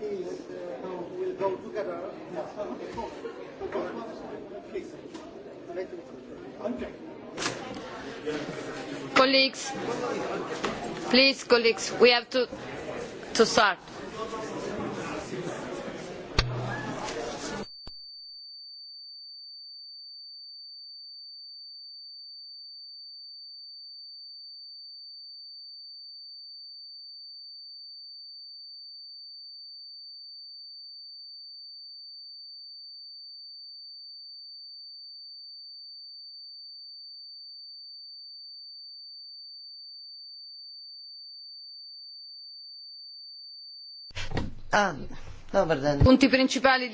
Please. Colleagues, please, colleagues, we have to, to start. А, добър ден. Пункти принципали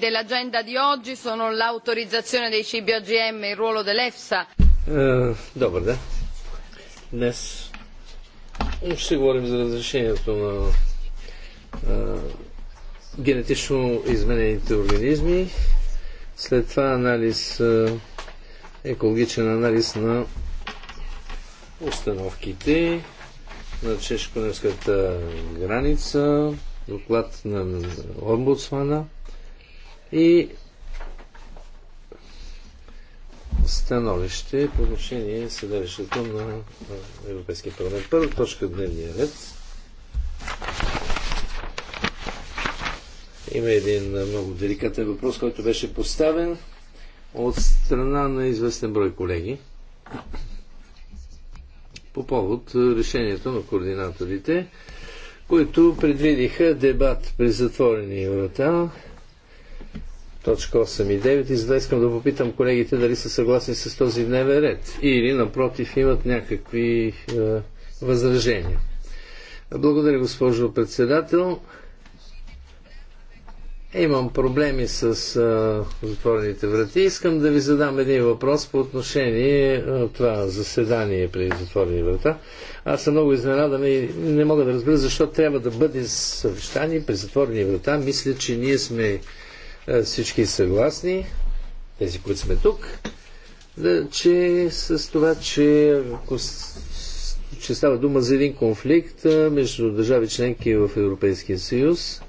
dell'agenda di oggi sono l'autorizzazione dei cibi OGM e il ruolo dell'EFSA. Добър ден. Днес ще говорим за разрешението на а, генетично изменените организми. След това анализ, а, екологичен анализ на установките на чешко-немската граница доклад на омбудсмана и становище по отношение седалището на Европейския парламент. Първа точка дневния ред. Има един много деликатен въпрос, който беше поставен от страна на известен брой колеги по повод решението на координаторите които предвидиха дебат при затворени врата. Точка 8 и 9. И за искам да попитам колегите дали са съгласни с този дневен ред или напротив имат някакви е, възражения. Благодаря, госпожо председател. Имам проблеми с а, затворените врати. Искам да ви задам един въпрос по отношение а, това заседание при затворени врата. Аз съм много изненадан и не мога да разбера защо трябва да бъде съвещание при затворени врата. Мисля, че ние сме а, всички съгласни, тези, които сме тук, да, че с това, че ако че става дума за един конфликт а, между държави членки в Европейския съюз,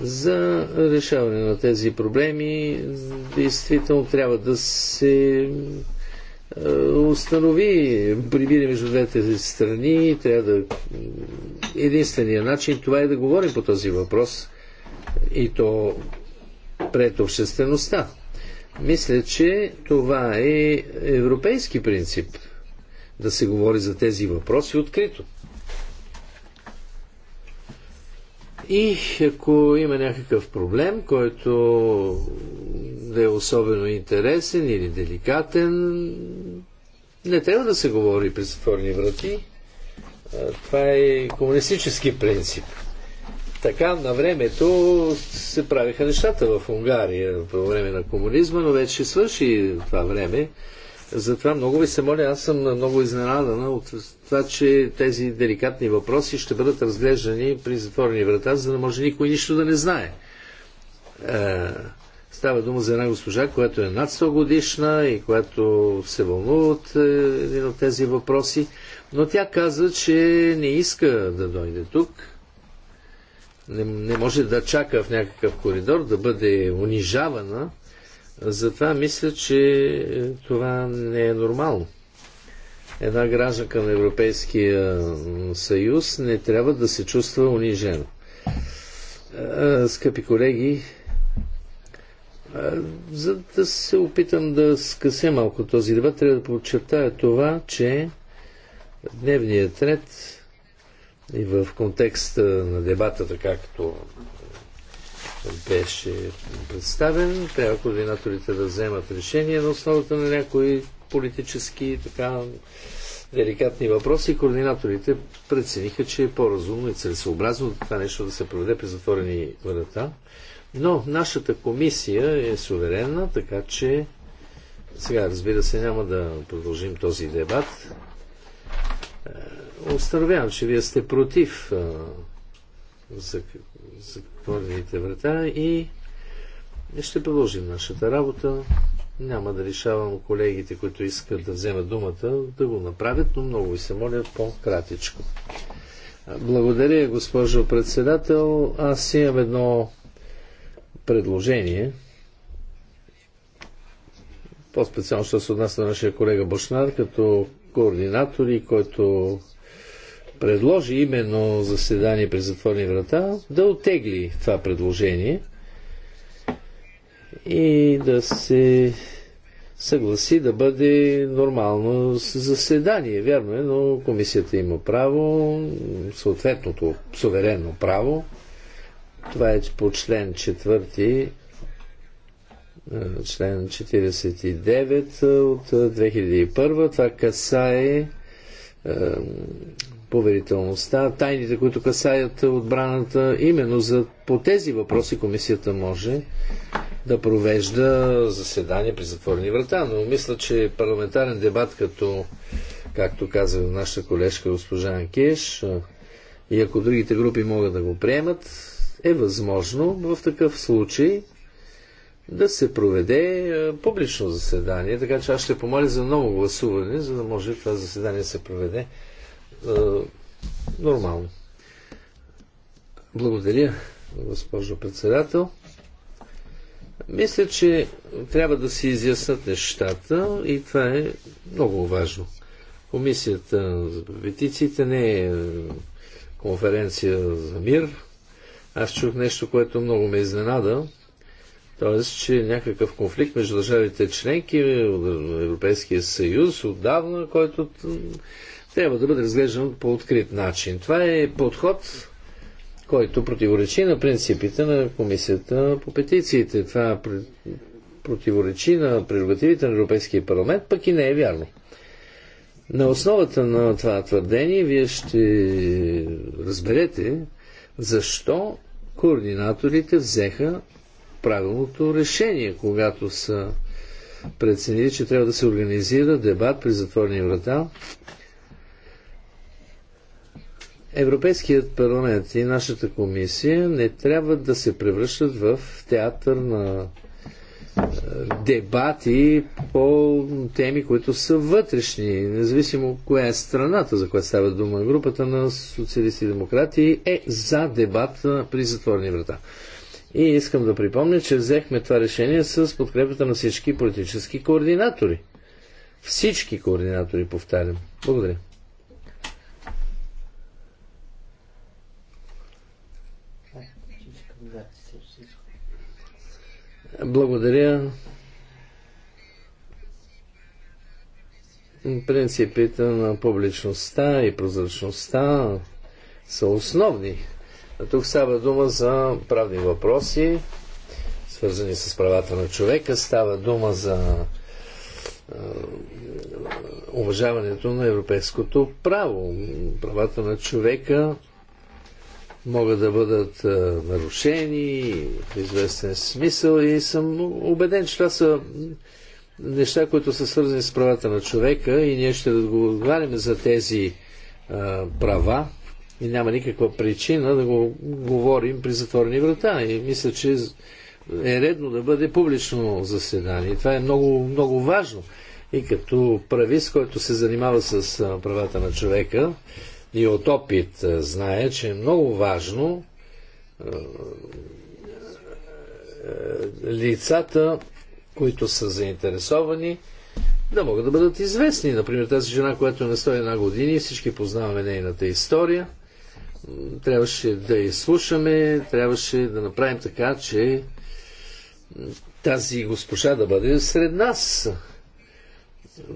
за решаване на тези проблеми действително трябва да се е, установи примири между двете страни. Трябва да... Единствения начин това е да говорим по този въпрос и то пред обществеността. Мисля, че това е европейски принцип да се говори за тези въпроси открито. И ако има някакъв проблем, който да е особено интересен или деликатен, не трябва да се говори при затворени врати. Това е комунистически принцип. Така на времето се правиха нещата в Унгария по време на комунизма, но вече свърши това време. Затова много ви се моля, аз съм много изненадана от това, че тези деликатни въпроси ще бъдат разглеждани при затворени врата, за да може никой нищо да не знае. Е, става дума за една госпожа, която е над 100 годишна и която се вълнува от е, един от тези въпроси, но тя каза, че не иска да дойде тук. Не, не може да чака в някакъв коридор, да бъде унижавана затова мисля, че това не е нормално. Една гражданка на Европейския съюз не трябва да се чувства унижена. Скъпи колеги, за да се опитам да скъся малко този дебат, трябва да подчертая това, че дневният ред и в контекста на дебата, така беше представен. Трябва координаторите да вземат решение на основата на някои политически така деликатни въпроси. Координаторите прецениха, че е по-разумно и целесообразно това нещо да се проведе при затворени врата. Но нашата комисия е суверенна, така че сега, разбира се, няма да продължим този дебат. Остановявам, е, че вие сте против е, за, за отворените врата и ще продължим нашата работа. Няма да решавам колегите, които искат да вземат думата, да го направят, но много ви се моля по-кратичко. Благодаря, госпожо председател. Аз имам едно предложение. По-специално ще се отнася на нашия колега Бошнар, като координатор и който предложи именно заседание през затворни врата, да отегли това предложение и да се съгласи да бъде нормално заседание. Вярно е, но комисията има право, съответното суверенно право. Това е по член 4, член 49 от 2001. Това касае поверителността, тайните, които касаят отбраната. Именно за, по тези въпроси комисията може да провежда заседания при затворени врата. Но мисля, че парламентарен дебат, като, както каза нашата колежка госпожа Анкеш, и ако другите групи могат да го приемат, е възможно в такъв случай да се проведе публично заседание. Така че аз ще помоля за ново гласуване, за да може това заседание да се проведе е, нормално. Благодаря, госпожо председател. Мисля, че трябва да се изяснат нещата и това е много важно. Комисията за петициите не е конференция за мир. Аз чух нещо, което много ме изненада. Тоест, че някакъв конфликт между държавите членки, Европейския съюз отдавна, който трябва да бъде разглеждан по открит начин. Това е подход, който противоречи на принципите на Комисията по петициите. Това противоречи на прерогативите на Европейския парламент, пък и не е вярно. На основата на това твърдение вие ще разберете защо координаторите взеха правилното решение, когато са преценили, че трябва да се организира дебат при затворния врата Европейският парламент и нашата комисия не трябва да се превръщат в театър на е, дебати по теми, които са вътрешни, независимо коя е страната, за която става дума. Групата на социалисти и демократи е за дебат при затворни врата. И искам да припомня, че взехме това решение с подкрепата на всички политически координатори. Всички координатори, повтарям. Благодаря. Благодаря. Принципите на публичността и прозрачността са основни. А тук става дума за правни въпроси, свързани с правата на човека. Става дума за уважаването на европейското право. Правата на човека могат да бъдат нарушени в известен смисъл и съм убеден, че това са неща, които са свързани с правата на човека и ние ще го за тези а, права и няма никаква причина да го говорим при затворени врата. И мисля, че е редно да бъде публично заседание. Това е много, много важно. И като правист, който се занимава с правата на човека, и от опит е, знае, че е много важно е, е, лицата, които са заинтересовани, да могат да бъдат известни. Например, тази жена, която е на 101 години, всички познаваме нейната история. Трябваше да я слушаме, трябваше да направим така, че тази госпожа да бъде сред нас.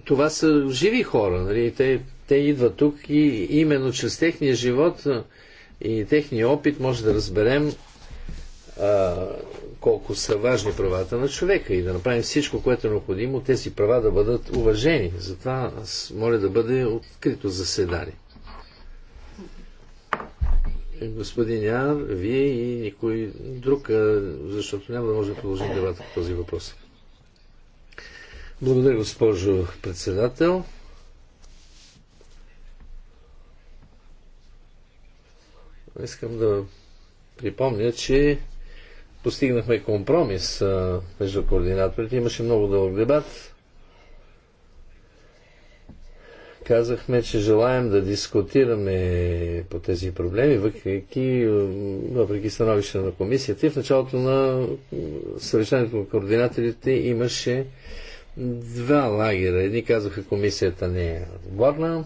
Това са живи хора, нали? Те те идват тук и именно чрез техния живот и техния опит може да разберем а, колко са важни правата на човека и да направим всичко, което е необходимо, тези права да бъдат уважени. Затова аз моля да бъде открито заседание. Господин Яр, вие и никой друг, защото няма да може да продължим дебата по този въпрос. Благодаря, госпожо председател. Искам да припомня, че постигнахме компромис а, между координаторите. Имаше много дълъг дебат. Казахме, че желаем да дискутираме по тези проблеми, въпреки, въпреки становище на комисията. И в началото на съвещанието на координаторите имаше два лагера. Едни казаха, комисията не е отборна,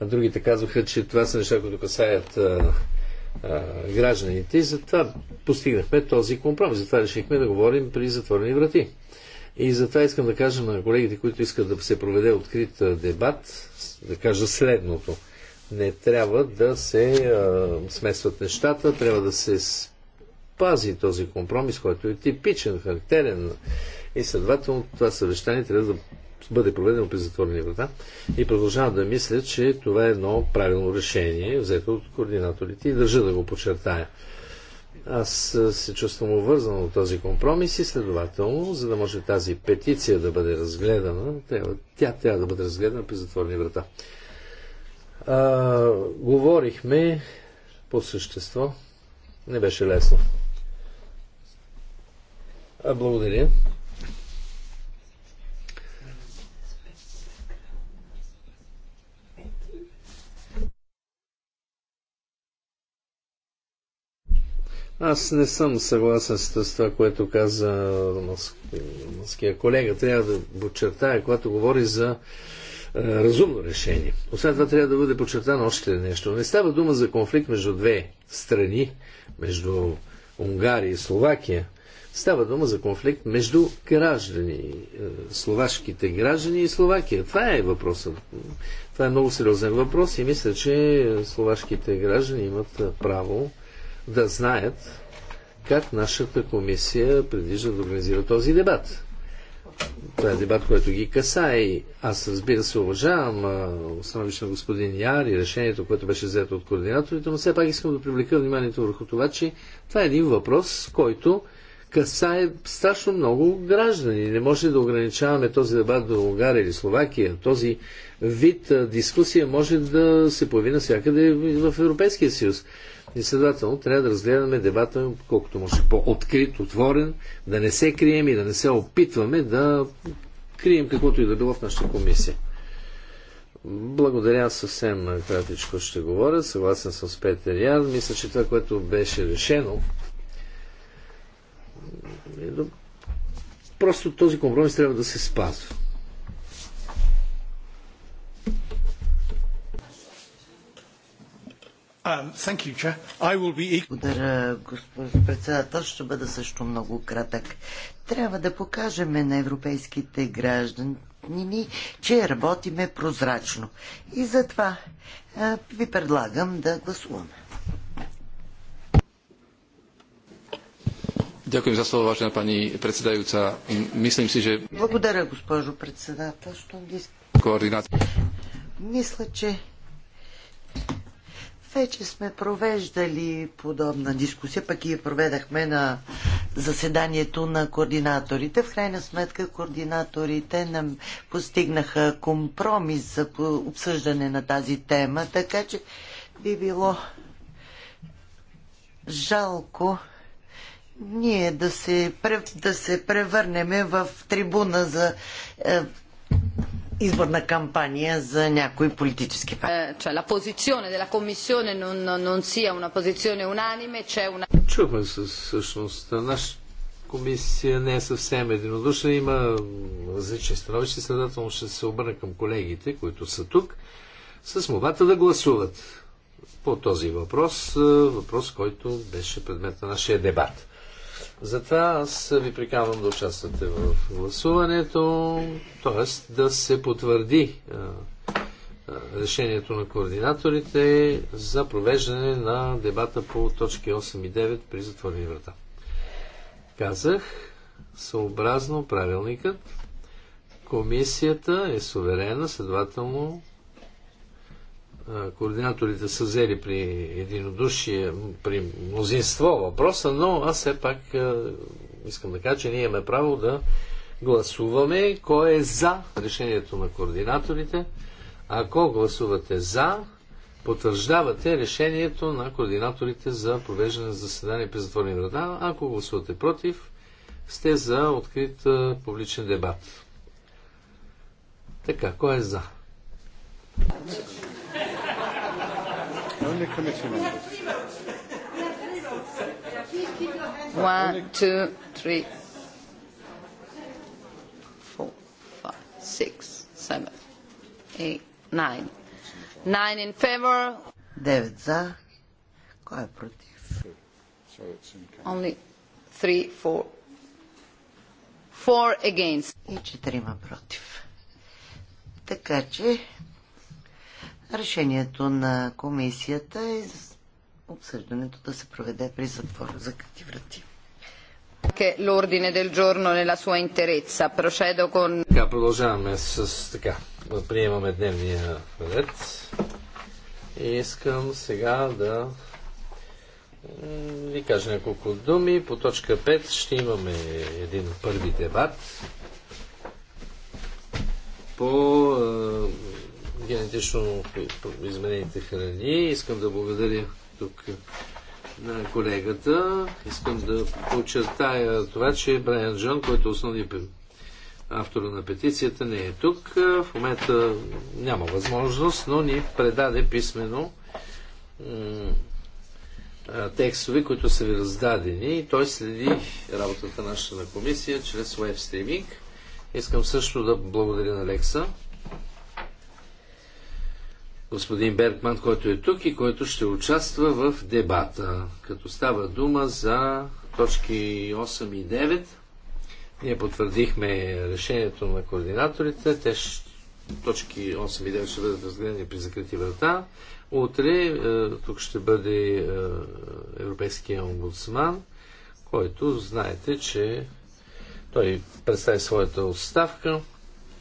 а другите казваха, че това са неща, които касаят гражданите и затова постигнахме този компромис. Затова решихме да говорим при затворени врати. И затова искам да кажа на колегите, които искат да се проведе открит дебат, да кажа следното. Не трябва да се а, смесват нещата, трябва да се пази този компромис, който е типичен, характерен. И следователно това съвещание трябва да бъде проведено през затворени врата и продължавам да мисля, че това е едно правилно решение, взето от координаторите и държа да го подчертая. Аз се чувствам обвързан от този компромис и следователно, за да може тази петиция да бъде разгледана, тя, тя трябва да бъде разгледана при затворни врата. А, говорихме по същество. Не беше лесно. А, благодаря. Аз не съм съгласен с това, което каза мъжкия колега. Трябва да подчертая, когато говори за е, разумно решение. Освен това трябва да бъде подчертано още нещо. Не става дума за конфликт между две страни, между Унгария и Словакия. Става дума за конфликт между граждани, е, словашките граждани и Словакия. Това е въпросът. Това е много сериозен въпрос и мисля, че словашките граждани имат право да знаят как нашата комисия предвижда да организира този дебат. Това е дебат, който ги касае и аз разбира се уважавам становище на господин Яр и решението, което беше взето от координаторите, но все пак искам да привлека вниманието върху това, че това е един въпрос, който касае страшно много граждани. Не може да ограничаваме този дебат до Унгария или Словакия. Този вид дискусия може да се появи навсякъде в Европейския съюз. И следователно трябва да разгледаме дебата колкото може по-открит, отворен, да не се крием и да не се опитваме да крием каквото и да било в нашата комисия. Благодаря съвсем кратичко ще говоря. Съгласен съм с Петър Яр. Мисля, че това, което беше решено, е просто този компромис трябва да се спазва. Um, Благодаря, госпожо председател. Ще бъда също много кратък. Трябва да покажем на европейските граждани, че работиме прозрачно. И затова а, ви предлагам да гласуваме. Дякую за слово, важна пани председаюца. Мислим си, че... Благодаря, госпожо председател. Щом... Координат. Мисля, че вече сме провеждали подобна дискусия, пък и проведахме на заседанието на координаторите. В крайна сметка координаторите нам постигнаха компромис за обсъждане на тази тема, така че би било жалко ние да се, да се превърнеме в трибуна за е, изборна кампания за някои политически партии. Е, Чухме се всъщност. Наша комисия не е съвсем единодушна. Има различни становища. Следователно ще се обърна към колегите, които са тук, с мовата да гласуват по този въпрос. Е, въпрос, който беше предмет на нашия дебат. Затова аз ви приканвам да участвате в гласуването, т.е. да се потвърди решението на координаторите за провеждане на дебата по точки 8 и 9 при затворени врата. Казах, съобразно правилникът, комисията е суверена, следователно координаторите са взели при единодушие, при мнозинство въпроса, но аз все пак искам да кажа, че ние имаме право да гласуваме кой е за решението на координаторите. Ако гласувате за, потвърждавате решението на координаторите за провеждане на заседание при затворни врата. Ако гласувате против, сте за открит публичен дебат. Така, кой е за? only committee members. One, two, three, four, five, six, seven, eight, nine. Nine in favor. Девет за. Кой е против? Only three, four. Four against. И четирима против. Така че Решението на комисията е обсъждането да се проведе при затвора за къти врати. L'ordine del giorno nella sua interezza. Procedo con... Така, продължаваме с така. Приемаме дневния ред. И искам сега да ви кажа няколко думи. По точка 5 ще имаме един първи дебат по генетично изменените храни. Искам да благодаря тук на колегата. Искам да подчертая това, че Брайан Джон, който е основният автора на петицията, не е тук. В момента няма възможност, но ни предаде писменно текстове, които са ви раздадени и той следи работата наша на комисия чрез веб стриминг. Искам също да благодаря на Лекса господин Бергман, който е тук и който ще участва в дебата, като става дума за точки 8 и 9. Ние потвърдихме решението на координаторите. Те ще, точки 8 и 9 ще бъдат разгледани при закрити врата. Утре е, тук ще бъде е, Европейския омбудсман, който знаете, че той представи своята отставка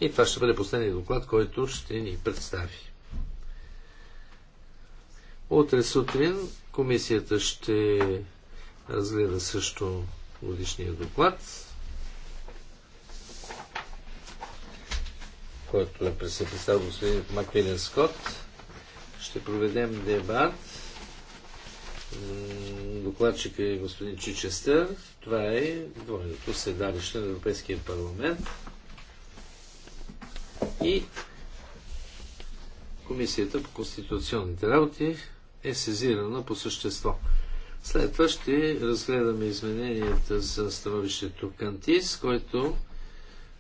и това ще бъде последният доклад, който ще ни представи. Утре сутрин комисията ще разгледа също годишния доклад, който е председател господин Маквилен Скот. Ще проведем дебат. Докладчик е господин Чичестър. Това е двойното седалище на Европейския парламент. И Комисията по конституционните работи е сезирана по същество. След това ще разгледаме измененията за становището Кантис, който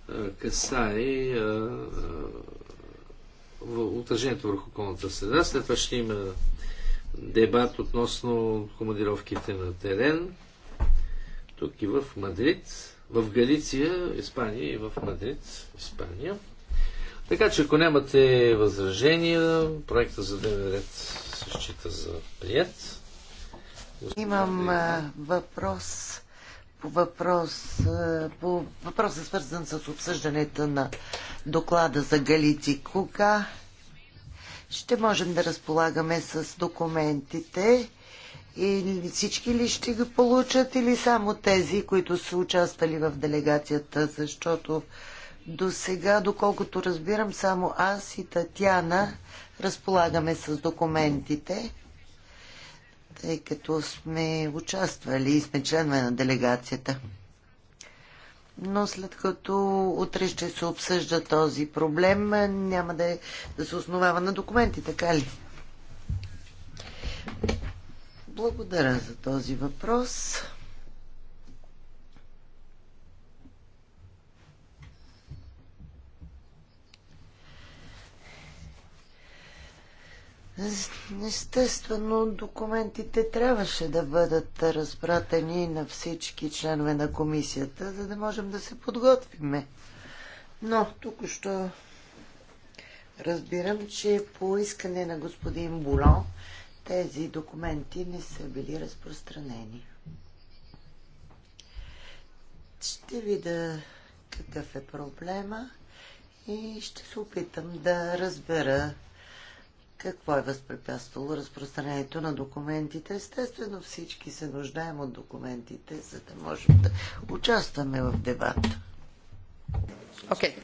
а, касае а, а, отражението върху околната среда. След това ще има дебат относно командировките на терен. Тук и в Мадрид, в Галиция, Испания и в Мадрид, Испания. Така че ако нямате възражения, проекта за дневен ред се счита за прият. Имам а, въпрос по въпрос, а, по въпроса свързан с обсъждането на доклада за Галици. Кога ще можем да разполагаме с документите? И всички ли ще ги получат или само тези, които са участвали в делегацията, защото до сега, доколкото разбирам, само аз и Татяна разполагаме с документите, тъй като сме участвали и сме членове на делегацията. Но след като утре ще се обсъжда този проблем, няма да, е, да се основава на документи, така ли? Благодаря за този въпрос. Естествено, документите трябваше да бъдат разпратени на всички членове на комисията, за да можем да се подготвиме. Но тук що разбирам, че по искане на господин Болон тези документи не са били разпространени. Ще видя какъв е проблема и ще се опитам да разбера какво е възпрепятствало разпространението на документите? Естествено всички се нуждаем от документите, за да можем да участваме в дебата. Окей. Okay.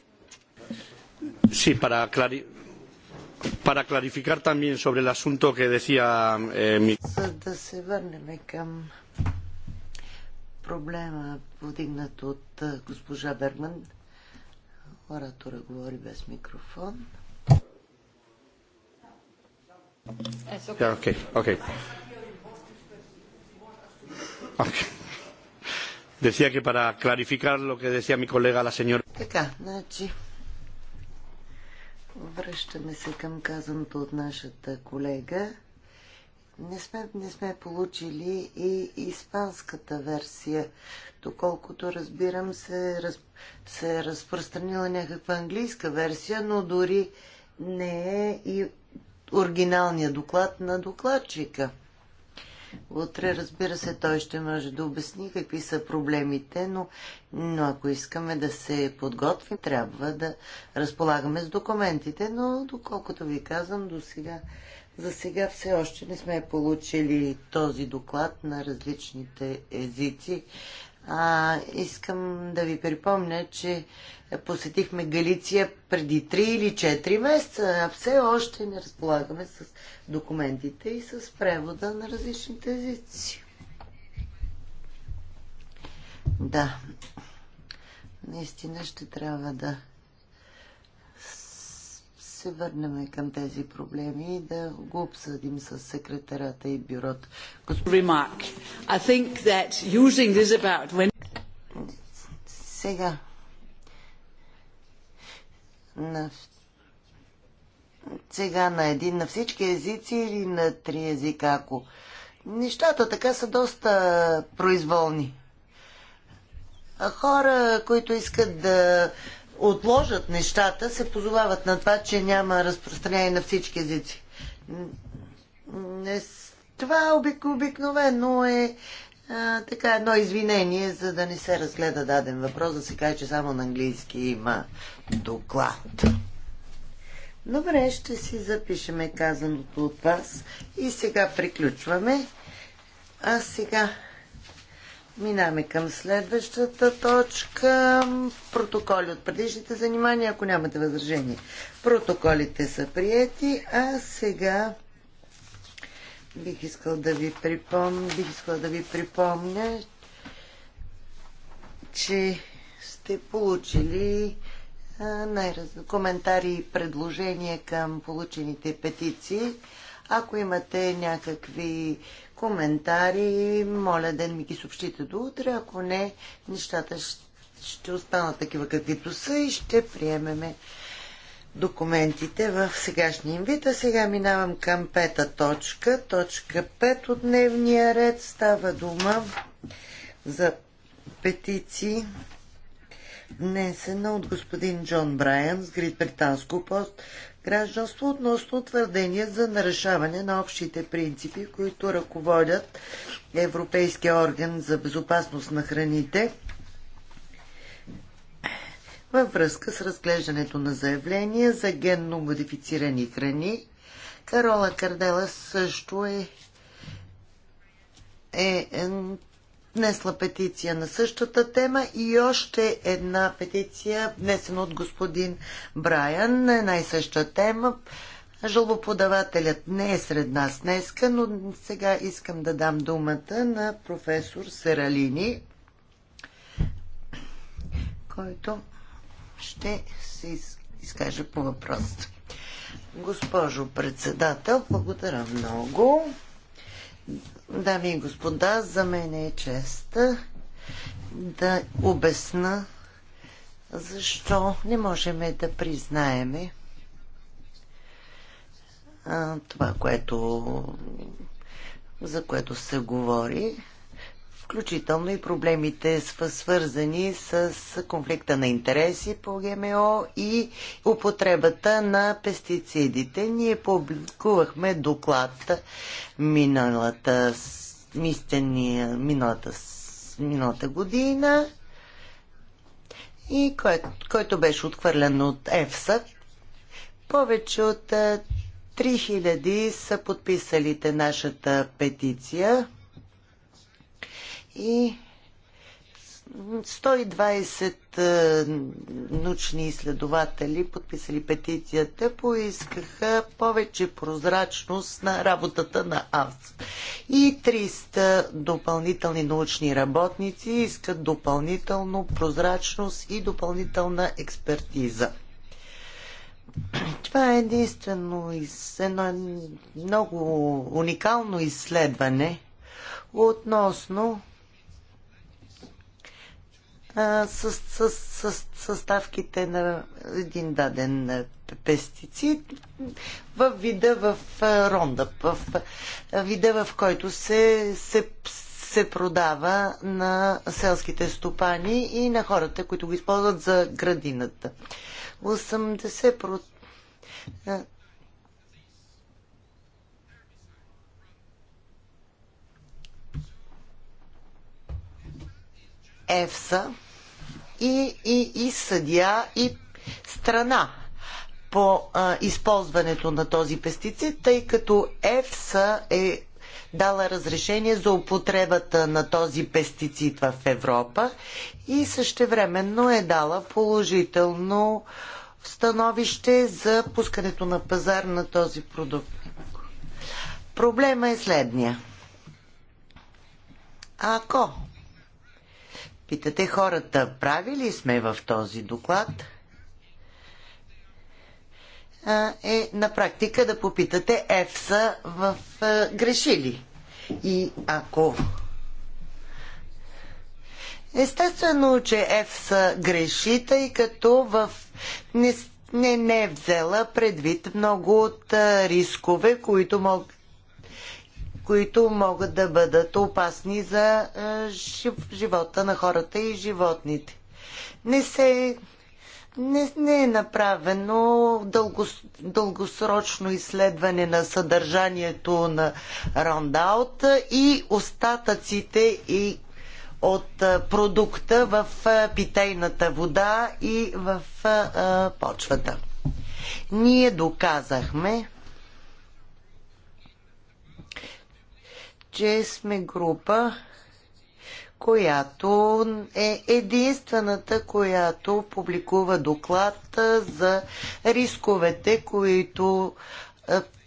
Sí, para, clari... para clarificar también sobre el asunto que decía eh, mi... За да се върнем към проблема, повдигнат от госпожа Берман, Оратора говори без микрофон. Yeah, okay, okay. Decía que para clarificar lo que decía mi colega la señora. Така, значи, връщаме се към казаното от нашата колега. Не сме, не сме получили и испанската версия. Доколкото разбирам, се, раз, се е разпространила някаква английска версия, но дори не е и оригиналния доклад на докладчика. Утре, разбира се, той ще може да обясни какви са проблемите, но, но ако искаме да се подготвим, трябва да разполагаме с документите, но доколкото ви казвам, до сега, за сега все още не сме получили този доклад на различните езици. А, искам да ви припомня, че посетихме Галиция преди 3 или 4 месеца, а все още не разполагаме с документите и с превода на различните езици. Да, наистина ще трябва да се върнем към тези проблеми и да го обсъдим с секретарата и бюрото. When... Сега. На... Сега на един, на всички езици или на три езика, ако... Нещата така са доста произволни. А хора, които искат да отложат нещата, се позовават на това, че няма разпространение на всички езици. това обик, обикновено е а, така едно извинение, за да не се разгледа даден въпрос, да се каже, че само на английски има доклад. Добре, ще си запишеме казаното от вас и сега приключваме. А сега Минаме към следващата точка. Протоколи от предишните занимания, ако нямате възражение. Протоколите са приети, а сега бих искал да ви припомня, бих искал да ви припомня, че сте получили най-разни коментари и предложения към получените петиции. Ако имате някакви коментари, моля да ми ги съобщите до утре. Ако не, нещата ще останат такива каквито са и ще приемеме документите в сегашния им вид. А сега минавам към пета точка. Точка 5 от дневния ред става дума за петиции внесена от господин Джон Брайан с Грит Британско пост гражданство относно твърдения за нарушаване на общите принципи, които ръководят Европейския орган за безопасност на храните във връзка с разглеждането на заявления за генно модифицирани храни. Карола Кардела също е, е внесла петиция на същата тема и още една петиция, внесена от господин Брайан, на една и съща тема. Жалбоподавателят не е сред нас днеска, но сега искам да дам думата на професор Сералини, който ще се изкаже по въпроса. Госпожо председател, благодаря много. Дами и господа, за мен е чест да обясна защо не можем да признаеме това, което, за което се говори включително и проблемите свързани с конфликта на интереси по ГМО и употребата на пестицидите. Ние публикувахме доклад миналата, мистения, миналата, миналата година и кой, който беше отхвърлен от ЕФСА. Повече от 3000 е, са подписалите нашата петиция и 120 е, научни изследователи, подписали петицията, поискаха повече прозрачност на работата на АВС. И 300 допълнителни научни работници искат допълнително прозрачност и допълнителна експертиза. Това е единствено едно е много уникално изследване относно с съставките на един даден пестицид в вида в ронда, в вида в който се, се, се продава на селските стопани и на хората, които го използват за градината. 80% ЕФСА и, и, и съдия и страна по а, използването на този пестицид, тъй като ЕФСА е дала разрешение за употребата на този пестицид в Европа и същевременно е дала положително становище за пускането на пазар на този продукт. Проблема е следния. Ако Питате хората, прави ли сме в този доклад? е на практика да попитате ЕФСА в а, грешили. И ако Естествено, че ЕФСА греши, тъй като в... не, не, не е взела предвид много от рискове, които мог които могат да бъдат опасни за е, живота на хората и животните. Не се не, не е направено дългос, дългосрочно изследване на съдържанието на рондаут и остатъците и от е, продукта в е, питейната вода и в почвата. Ние доказахме, че сме група, която е единствената, която публикува доклад за рисковете, които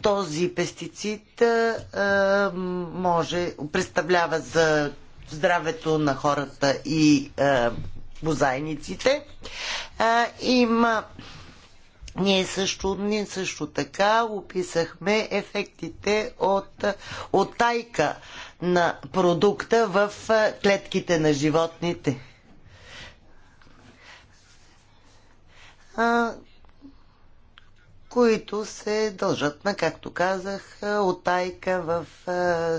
този пестицид може, представлява за здравето на хората и бозайниците. Има ние също, ние също така описахме ефектите от отайка на продукта в клетките на животните. А, които се дължат на, както казах, отайка в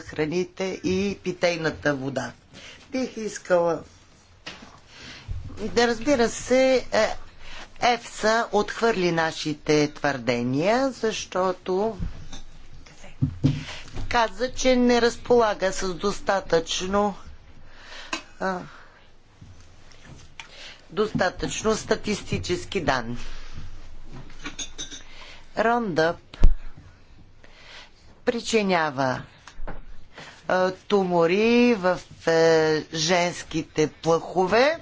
храните и питейната вода. Бих искала да разбира се, е, ЕФСА отхвърли нашите твърдения, защото каза, че не разполага с достатъчно а, достатъчно статистически данни. Рондъп причинява а, тумори в а, е, женските плъхове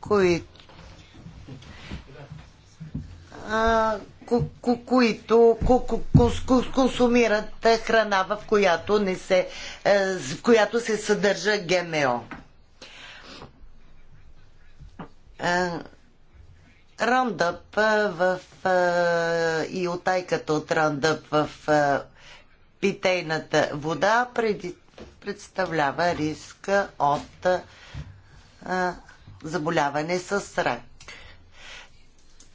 които консумират храна, в която, не се, е, в която се съдържа ГМО. Рандъп е, е, в, и отайката от Рандъп в питейната вода преди, представлява риска от заболяване с рак.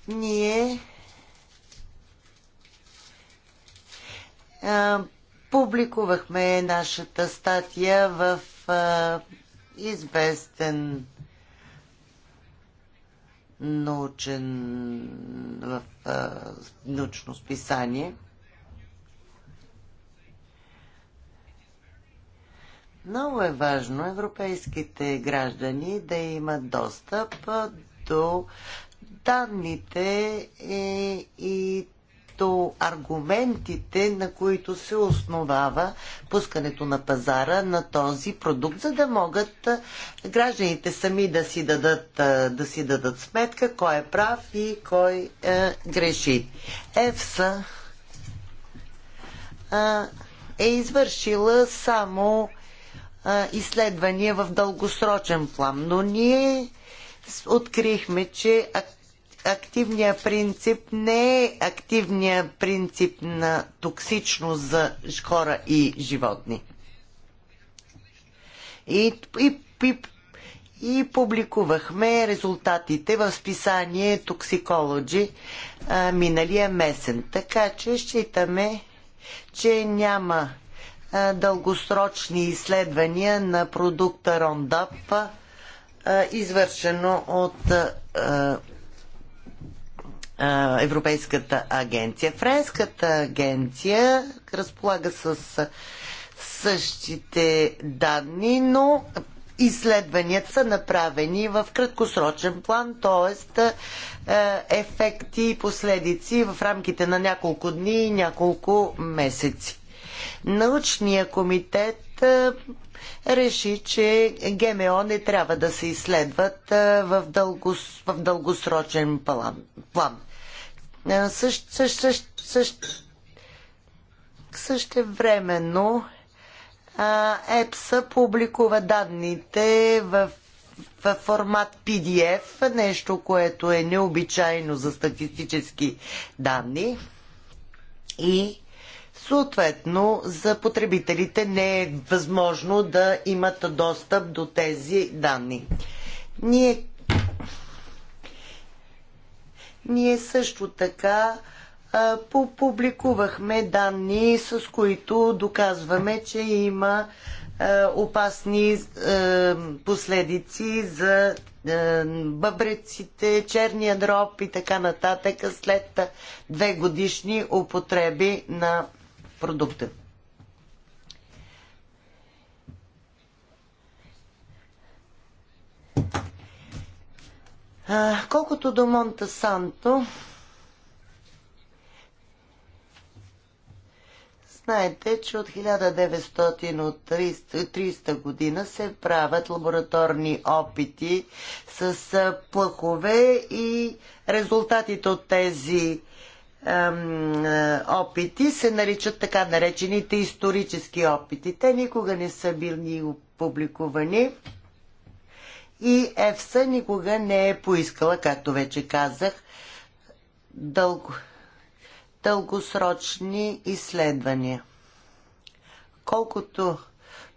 Ние публикувахме нашата статия в известен научен в научно списание. Много е важно европейските граждани да имат достъп до данните и, е, и до аргументите, на които се основава пускането на пазара на този продукт, за да могат гражданите сами да си дадат, да си дадат сметка кой е прав и кой е, греши. ЕФСА е извършила само изследвания в дългосрочен план. Но ние открихме, че активният принцип не е активният принцип на токсичност за хора и животни. И, и, и, и публикувахме резултатите в списание Toxicology а, миналия месен. Така че считаме, че няма е, дългосрочни изследвания на продукта Рондап, е, извършено от е, Европейската агенция. Френската агенция разполага с същите данни, но изследванията са направени в краткосрочен план, т.е. ефекти и последици в рамките на няколко дни и няколко месеци научния комитет реши, че ГМО не трябва да се изследват в, дългос, в дългосрочен план. Също, същ, същ, същ, същевременно ЕПСА публикува данните в в формат PDF, нещо, което е необичайно за статистически данни. И Съответно, за потребителите не е възможно да имат достъп до тези данни. Ние, Ние също така публикувахме данни, с които доказваме, че има опасни последици за бъбреците, черния дроб и така нататък след две годишни употреби на продукта. Колкото до Монта Санто, знаете, че от 1930 година се правят лабораторни опити с плъхове и резултатите от тези опити се наричат така наречените исторически опити. Те никога не са били опубликувани, и ЕФСА никога не е поискала, както вече казах, дълго, дългосрочни изследвания. Колкото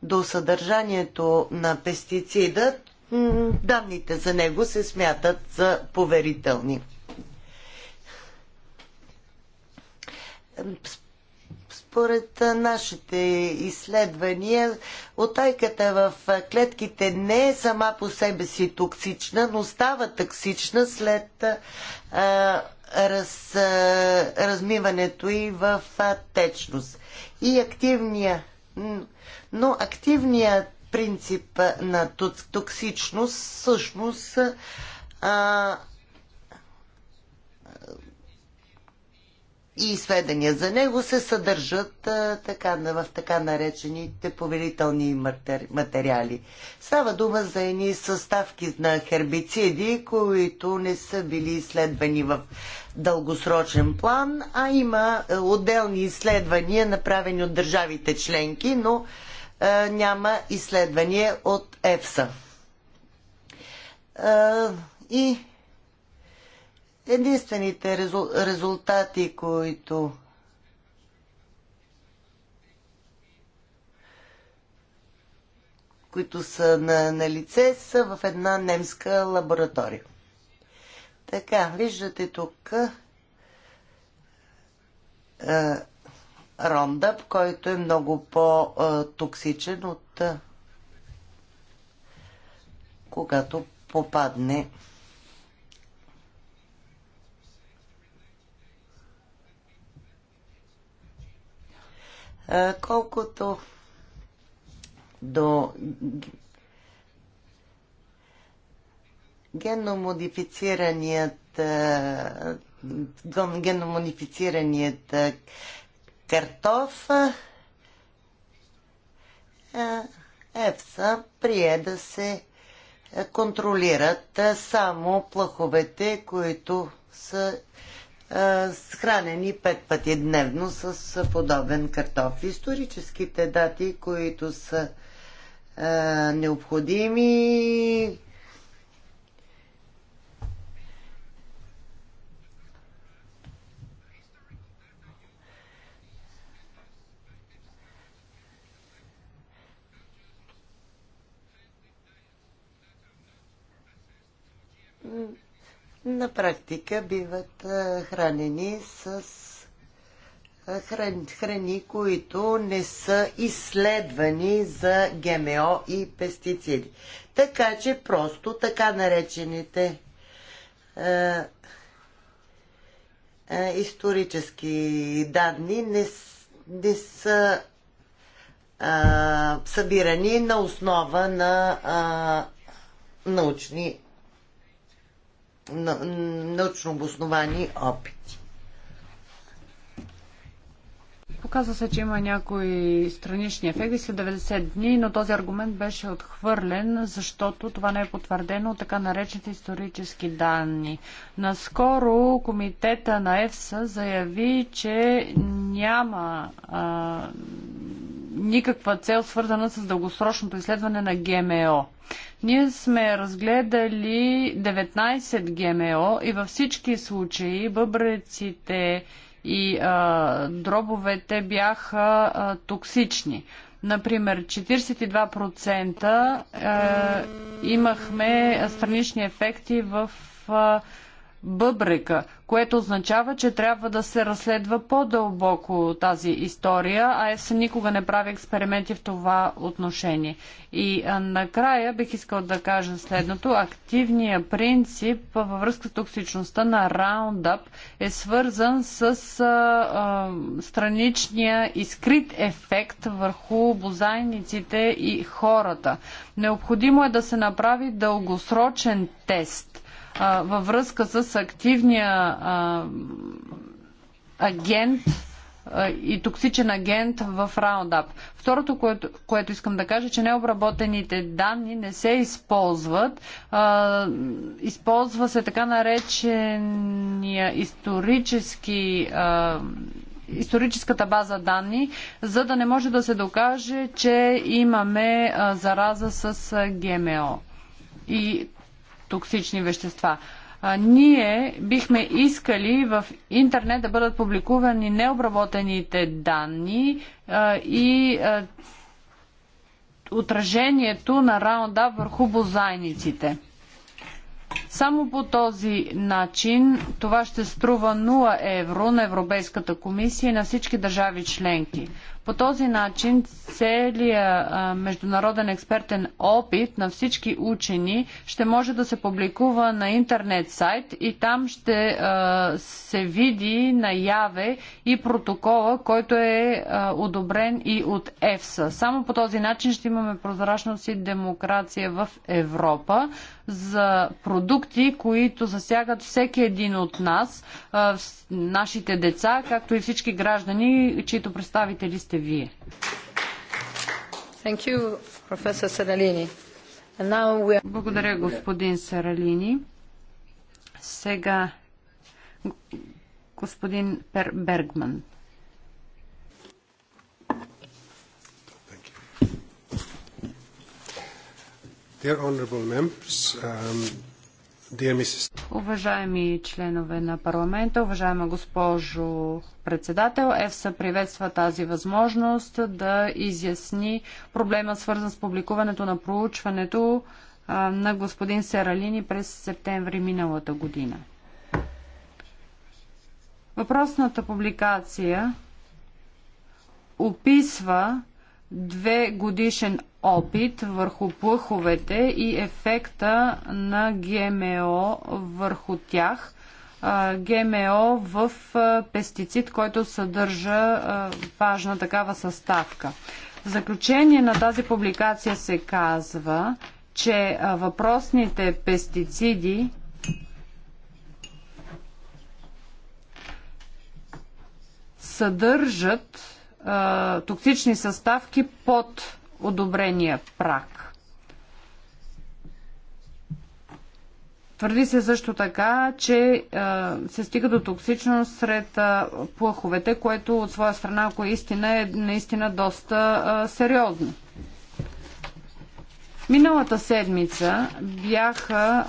до съдържанието на пестицида, данните за него се смятат за поверителни. според нашите изследвания, отайката в клетките не е сама по себе си токсична, но става токсична след а, раз, а, размиването и в а, течност. И активния, но активният принцип на токсичност всъщност а, и сведения за него се съдържат а, така, в така наречените повелителни материали. Става дума за едни съставки на хербициди, които не са били изследвани в дългосрочен план, а има е, отделни изследвания, направени от държавите членки, но а, е, няма изследвания от ЕФСА. А, е, и единствените резултати, които които са на, на лице, са в една немска лаборатория. Така, виждате тук а, рондъп, който е много по-токсичен от а, когато попадне Колкото до Геномодифицираният геномодифицираният картоф ЕФСА прие да се контролират само плаховете, които са хранени пет пъти дневно с подобен картоф. Историческите дати, които са а, необходими, Mm на практика биват хранени с храни, които не са изследвани за ГМО и пестициди. Така че просто така наречените а, а, исторически данни не, не са а, събирани на основа на научни научно обосновани опити. Показва се, че има някои странични ефекти след 90 дни, но този аргумент беше отхвърлен, защото това не е потвърдено от така наречените исторически данни. Наскоро комитета на ЕФСА заяви, че няма а, никаква цел свързана с дългосрочното изследване на ГМО. Ние сме разгледали 19 ГМО и във всички случаи бъбреците и а, дробовете бяха а, токсични. Например, 42% е, имахме странични ефекти в а, бъбрека, което означава, че трябва да се разследва по-дълбоко тази история, а ЕС никога не прави експерименти в това отношение. И накрая бих искал да кажа следното. Активният принцип във връзка с токсичността на Roundup е свързан с а, а, страничния изкрит ефект върху бозайниците и хората. Необходимо е да се направи дългосрочен тест а, във връзка с активния а, агент и токсичен агент в Roundup. Второто, което, което искам да кажа, че необработените данни не се използват. А, използва се така наречения исторически а, историческата база данни, за да не може да се докаже, че имаме зараза с ГМО. И токсични вещества. А, ние бихме искали в интернет да бъдат публикувани необработените данни а, и а, отражението на раунда върху бозайниците. Само по този начин това ще струва 0 евро на Европейската комисия и на всички държави членки. По този начин целият международен експертен опит на всички учени ще може да се публикува на интернет сайт и там ще се види наяве и протокола, който е одобрен и от ЕФСА. Само по този начин ще имаме прозрачност и демокрация в Европа за продукти, които засягат всеки един от нас, нашите деца, както и всички граждани, чието представители сте сте вие. Thank you, професор Саралини. We... Благодаря, господин Саралини. Сега господин Пер Бергман. Dear honorable members, um, Уважаеми членове на парламента, уважаема госпожо председател, ЕФСА приветства тази възможност да изясни проблема свързан с публикуването на проучването на господин Сералини през септември миналата година. Въпросната публикация описва две годишен опит върху плъховете и ефекта на ГМО върху тях. ГМО в пестицид, който съдържа важна такава съставка. В заключение на тази публикация се казва, че въпросните пестициди съдържат токсични съставки под одобрения прак. Твърди се също така, че а, се стига до токсичност сред а, плаховете, което от своя страна, ако е истина, е наистина доста а, сериозно. Миналата седмица бяха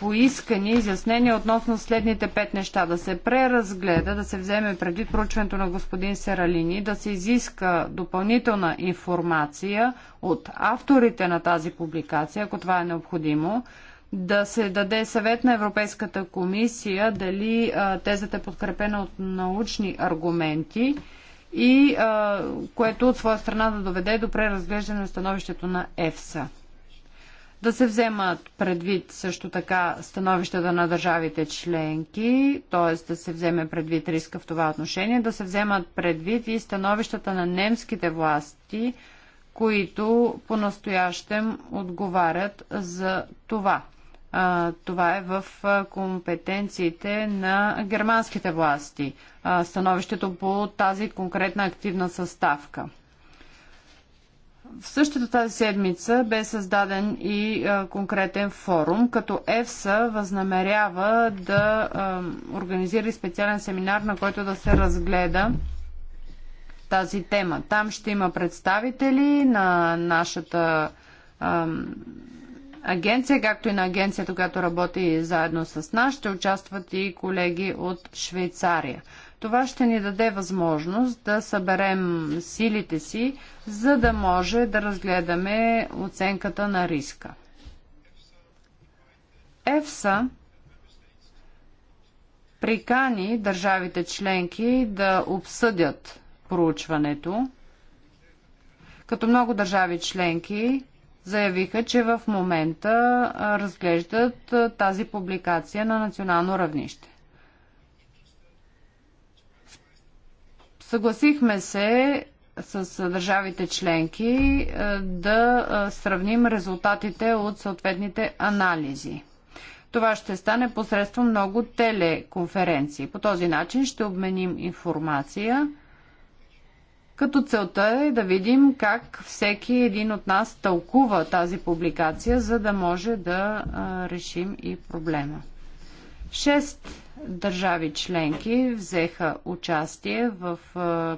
поискани изяснения относно следните пет неща. Да се преразгледа, да се вземе преди проучването на господин Сералини, да се изиска допълнителна информация от авторите на тази публикация, ако това е необходимо, да се даде съвет на Европейската комисия дали а, тезата е подкрепена от научни аргументи и а, което от своя страна да доведе до преразглеждане на становището на ЕФСА. Да се вземат предвид също така становищата на държавите членки, т.е. да се вземе предвид риска в това отношение, да се вземат предвид и становищата на немските власти, които по-настоящем отговарят за това. Това е в компетенциите на германските власти. Становището по тази конкретна активна съставка. В същата тази седмица бе създаден и а, конкретен форум, като ЕФСА възнамерява да а, организира и специален семинар, на който да се разгледа тази тема. Там ще има представители на нашата а, агенция, както и на агенцията, която работи заедно с нас. Ще участват и колеги от Швейцария. Това ще ни даде възможност да съберем силите си, за да може да разгледаме оценката на риска. ЕФСА прикани държавите членки да обсъдят проучването, като много държави членки заявиха, че в момента разглеждат тази публикация на национално равнище. Съгласихме се с държавите членки е, да е, сравним резултатите от съответните анализи. Това ще стане посредством много телеконференции. По този начин ще обменим информация, като целта е да видим как всеки един от нас тълкува тази публикация, за да може да е, решим и проблема. Шест държави членки взеха участие в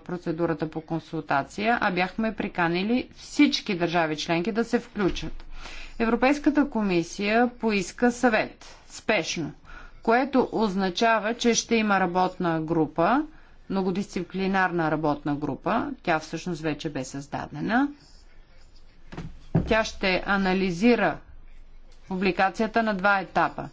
процедурата по консултация, а бяхме приканили всички държави членки да се включат. Европейската комисия поиска съвет спешно, което означава, че ще има работна група, многодисциплинарна работна група, тя всъщност вече бе създадена. Тя ще анализира публикацията на два етапа.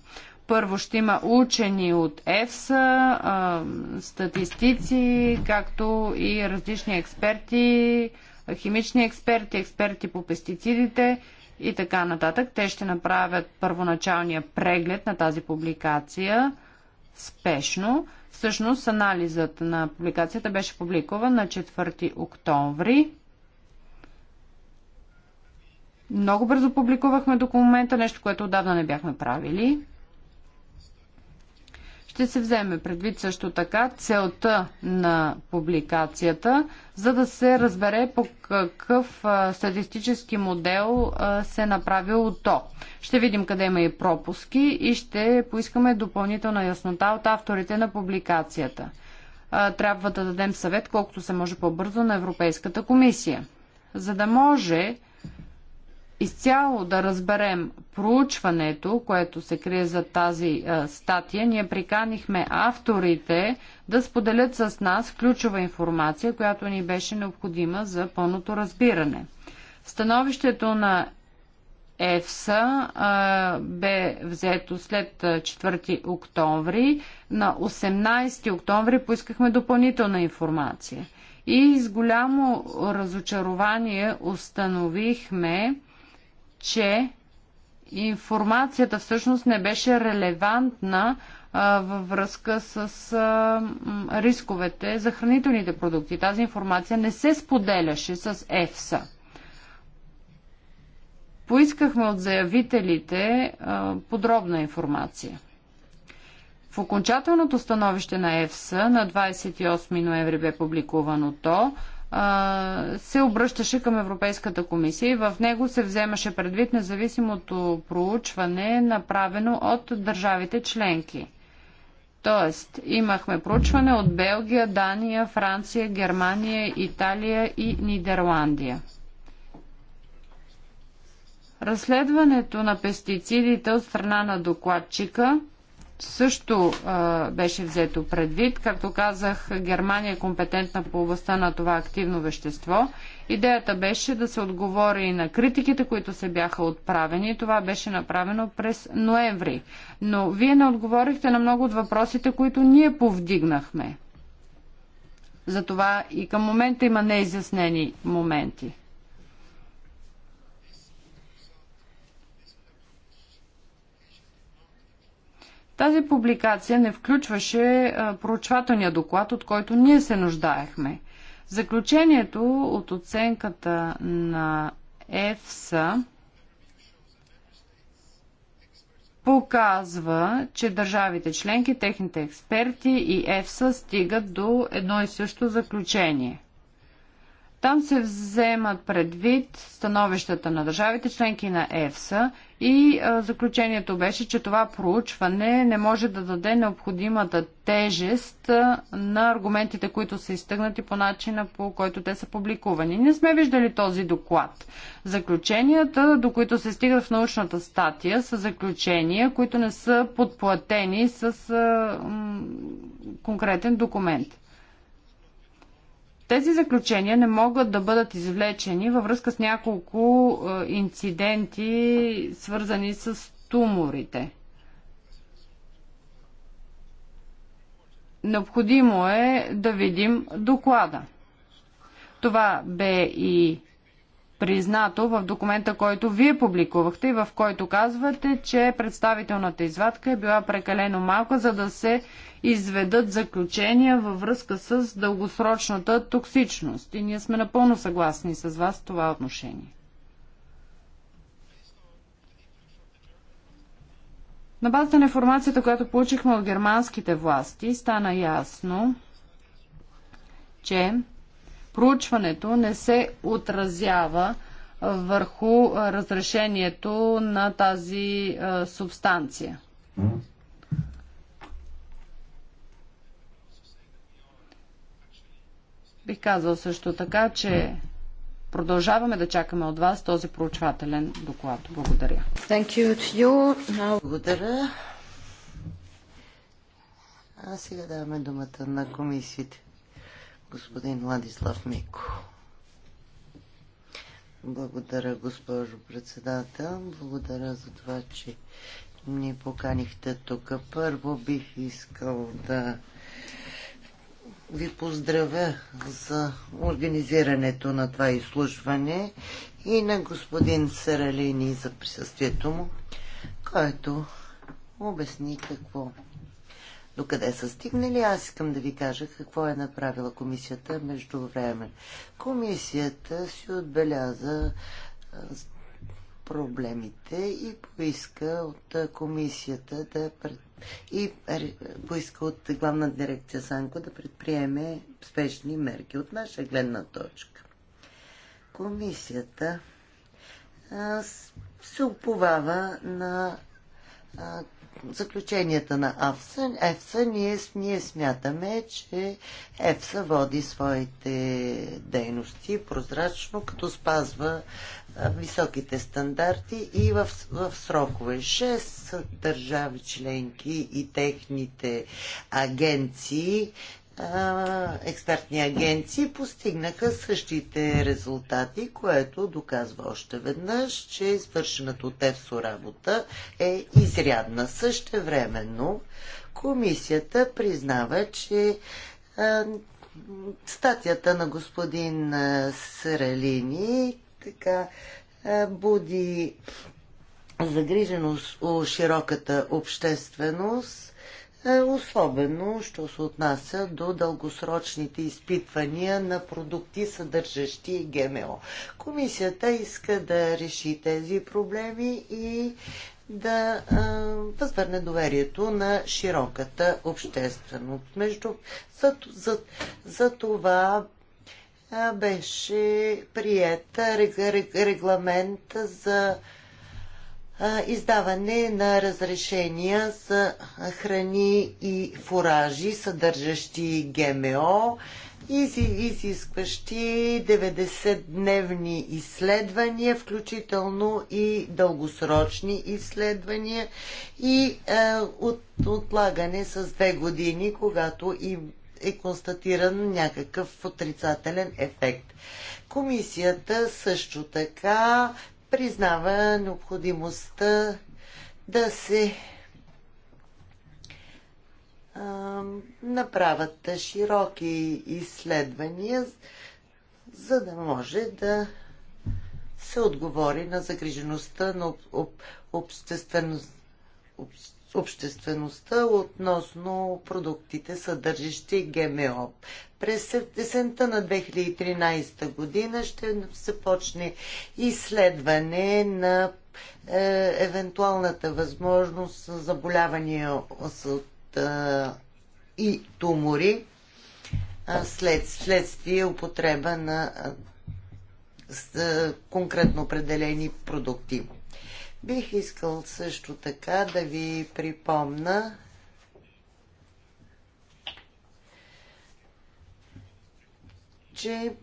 Първо ще има учени от ЕФСА, статистици, както и различни експерти, химични експерти, експерти по пестицидите и така нататък. Те ще направят първоначалния преглед на тази публикация спешно. Всъщност анализът на публикацията беше публикуван на 4 октомври. Много бързо публикувахме документа, нещо, което отдавна не бяхме правили. Ще се вземе предвид също така целта на публикацията, за да се разбере по какъв статистически модел се е направило то. Ще видим къде има и пропуски и ще поискаме допълнителна яснота от авторите на публикацията. Трябва да дадем съвет колкото се може по-бързо на Европейската комисия, за да може изцяло да разберем проучването, което се крие за тази а, статия, ние приканихме авторите да споделят с нас ключова информация, която ни беше необходима за пълното разбиране. Становището на ЕФСА а, бе взето след 4 октомври. На 18 октомври поискахме допълнителна информация. И с голямо разочарование установихме, че информацията всъщност не беше релевантна а, във връзка с а, рисковете за хранителните продукти. Тази информация не се споделяше с ЕФСА. Поискахме от заявителите а, подробна информация. В окончателното становище на ЕФСА на 28 ноември бе публикувано то, се обръщаше към Европейската комисия и в него се вземаше предвид независимото проучване, направено от държавите членки. Тоест, имахме проучване от Белгия, Дания, Франция, Германия, Италия и Нидерландия. Разследването на пестицидите от страна на докладчика – също а, беше взето предвид. Както казах, Германия е компетентна по областта на това активно вещество. Идеята беше да се отговори и на критиките, които се бяха отправени. Това беше направено през ноември. Но вие не отговорихте на много от въпросите, които ние повдигнахме. Затова и към момента има неизяснени моменти. Тази публикация не включваше проучвателния доклад, от който ние се нуждаехме. Заключението от оценката на ЕФСА показва, че държавите членки, техните експерти и ЕФСА стигат до едно и също заключение – там се вземат предвид становищата на държавите членки на ЕФСА и заключението беше, че това проучване не може да даде необходимата тежест на аргументите, които са изтъгнати по начина, по който те са публикувани. Не сме виждали този доклад. Заключенията, до които се стигат в научната статия, са заключения, които не са подплатени с конкретен документ. Тези заключения не могат да бъдат извлечени във връзка с няколко е, инциденти, свързани с туморите. Необходимо е да видим доклада. Това бе и признато в документа, който вие публикувахте и в който казвате, че представителната извадка е била прекалено малка, за да се изведат заключения във връзка с дългосрочната токсичност. И ние сме напълно съгласни с вас в това отношение. На базата на информацията, която получихме от германските власти, стана ясно, че проучването не се отразява върху разрешението на тази субстанция. Бих казал също така, че продължаваме да чакаме от вас този проучвателен доклад. Благодаря. Now... Благодаря. А сега даваме думата на комисиите господин Владислав Мико. Благодаря, госпожо председател. Благодаря за това, че ни поканихте тук. Първо бих искал да ви поздравя за организирането на това изслушване и на господин Саралини за присъствието му, който обясни какво до къде са стигнали. Аз искам да ви кажа какво е направила комисията между време. Комисията си отбеляза проблемите и поиска от комисията да пред... и поиска от главна дирекция Санко да предприеме спешни мерки от наша гледна точка. Комисията се оповава на заключенията на АФСА, ЕФСА ние, ние смятаме, че ЕФСА води своите дейности прозрачно, като спазва високите стандарти и в, в срокове. Шест държави членки и техните агенции експертни агенции постигнаха същите резултати, което доказва още веднъж, че извършената от ЕФСО работа е изрядна. Същевременно комисията признава, че а, статията на господин Сралини така а, буди загриженост у широката общественост е, особено, що се отнася до дългосрочните изпитвания на продукти, съдържащи ГМО. Комисията иска да реши тези проблеми и да а, възвърне доверието на широката общественост. Между, за, за, за това а, беше прият регламент за издаване на разрешения за храни и фуражи, съдържащи ГМО, изискващи 90-дневни изследвания, включително и дългосрочни изследвания и е, от, отлагане с две години, когато и е констатиран някакъв отрицателен ефект. Комисията също така признава необходимостта да се направят широки изследвания, за да може да се отговори на загрижеността на об, об, общественост, об, обществеността относно продуктите, съдържащи ГМО. През есента на 2013 година ще започне изследване на е, евентуалната възможност за заболявания от, е, и тумори след, следствие употреба на е, е конкретно определени продукти. Бих искал също така да ви припомна, че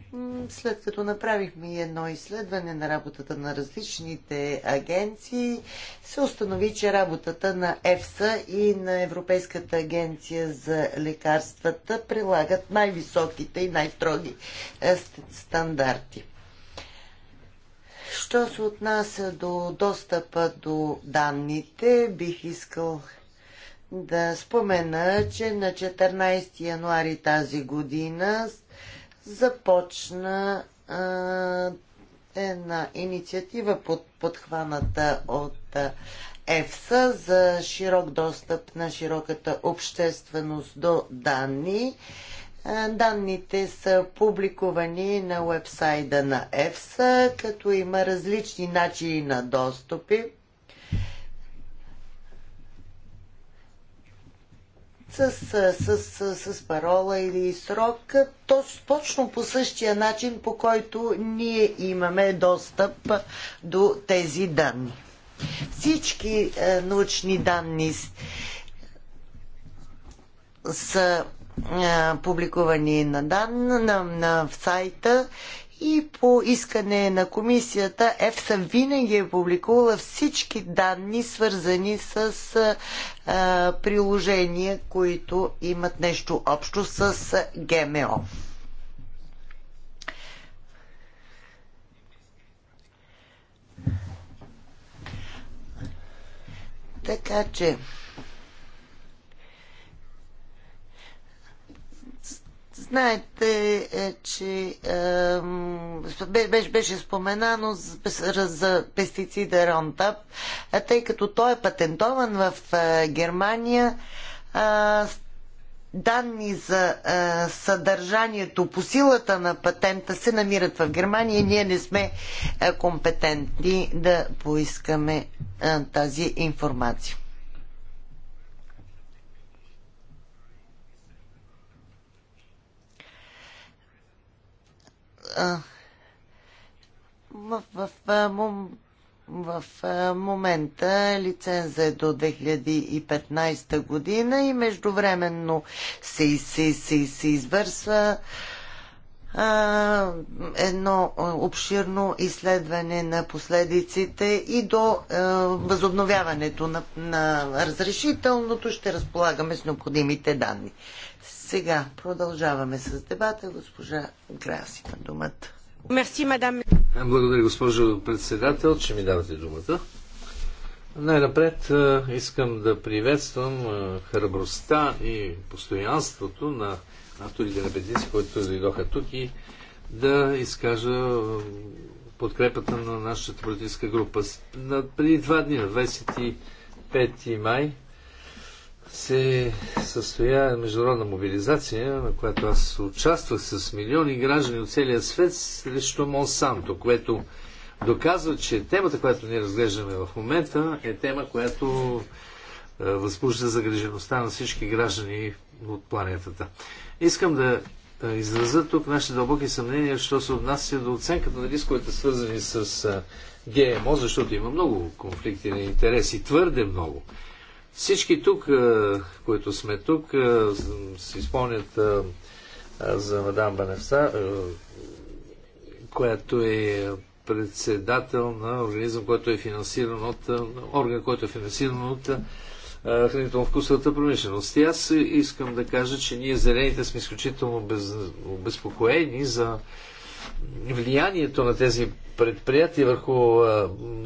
след като направихме едно изследване на работата на различните агенции, се установи, че работата на ЕФСА и на Европейската агенция за лекарствата прилагат най-високите и най-строги е, стандарти. Що се отнася до достъпа до данните, бих искал да спомена, че на 14 януари тази година започна а, една инициатива под, подхваната от ЕФСА за широк достъп на широката общественост до данни. Данните са публикувани на вебсайда на EFSA, като има различни начини на достъпи. С, с, с, с парола или срок, точно по същия начин, по който ние имаме достъп до тези данни. Всички е, научни данни са публикувани на дан на, на в сайта и по искане на комисията ЕФСА винаги е публикувала всички данни, свързани с а, приложения, които имат нещо общо с ГМО. Така че Знаете, е, че е, беше, беше споменано за, за пестицида Roundup, тъй като той е патентован в е, Германия. Е, данни за е, съдържанието по силата на патента се намират в Германия и ние не сме е, компетентни да поискаме е, тази информация. а, в, в, в, в, в момента лиценза е до 2015 година и междувременно се, се, се, се извършва а, едно обширно изследване на последиците и до а, възобновяването на, на разрешителното ще разполагаме с необходимите данни. Сега продължаваме с дебата. Госпожа Граси на думата. Мерси, мадам. Благодаря, госпожо председател, че ми давате думата. Най-напред искам да приветствам храбростта и постоянството на авторите на петиции, които дойдоха тук и да изкажа подкрепата на нашата политическа група. преди два дни, на 25 май, се състоя международна мобилизация, на която аз участвах с милиони граждани от целия свет срещу Монсанто, което доказва, че темата, която ние разглеждаме в момента, е тема, която е, възбужда загрежеността на всички граждани от планетата. Искам да е, изразя тук нашите дълбоки съмнения, що се отнася до оценката на рисковете, свързани с е, ГМО, защото има много конфликти на интереси, твърде много. Всички тук, които сме тук, си спомнят за мадам Баневса, която е председател на организъм, който е финансиран от орган, който е финансиран от хранително-вкусовата промишленост. И аз искам да кажа, че ние зелените сме изключително обезпокоени за влиянието на тези предприятия върху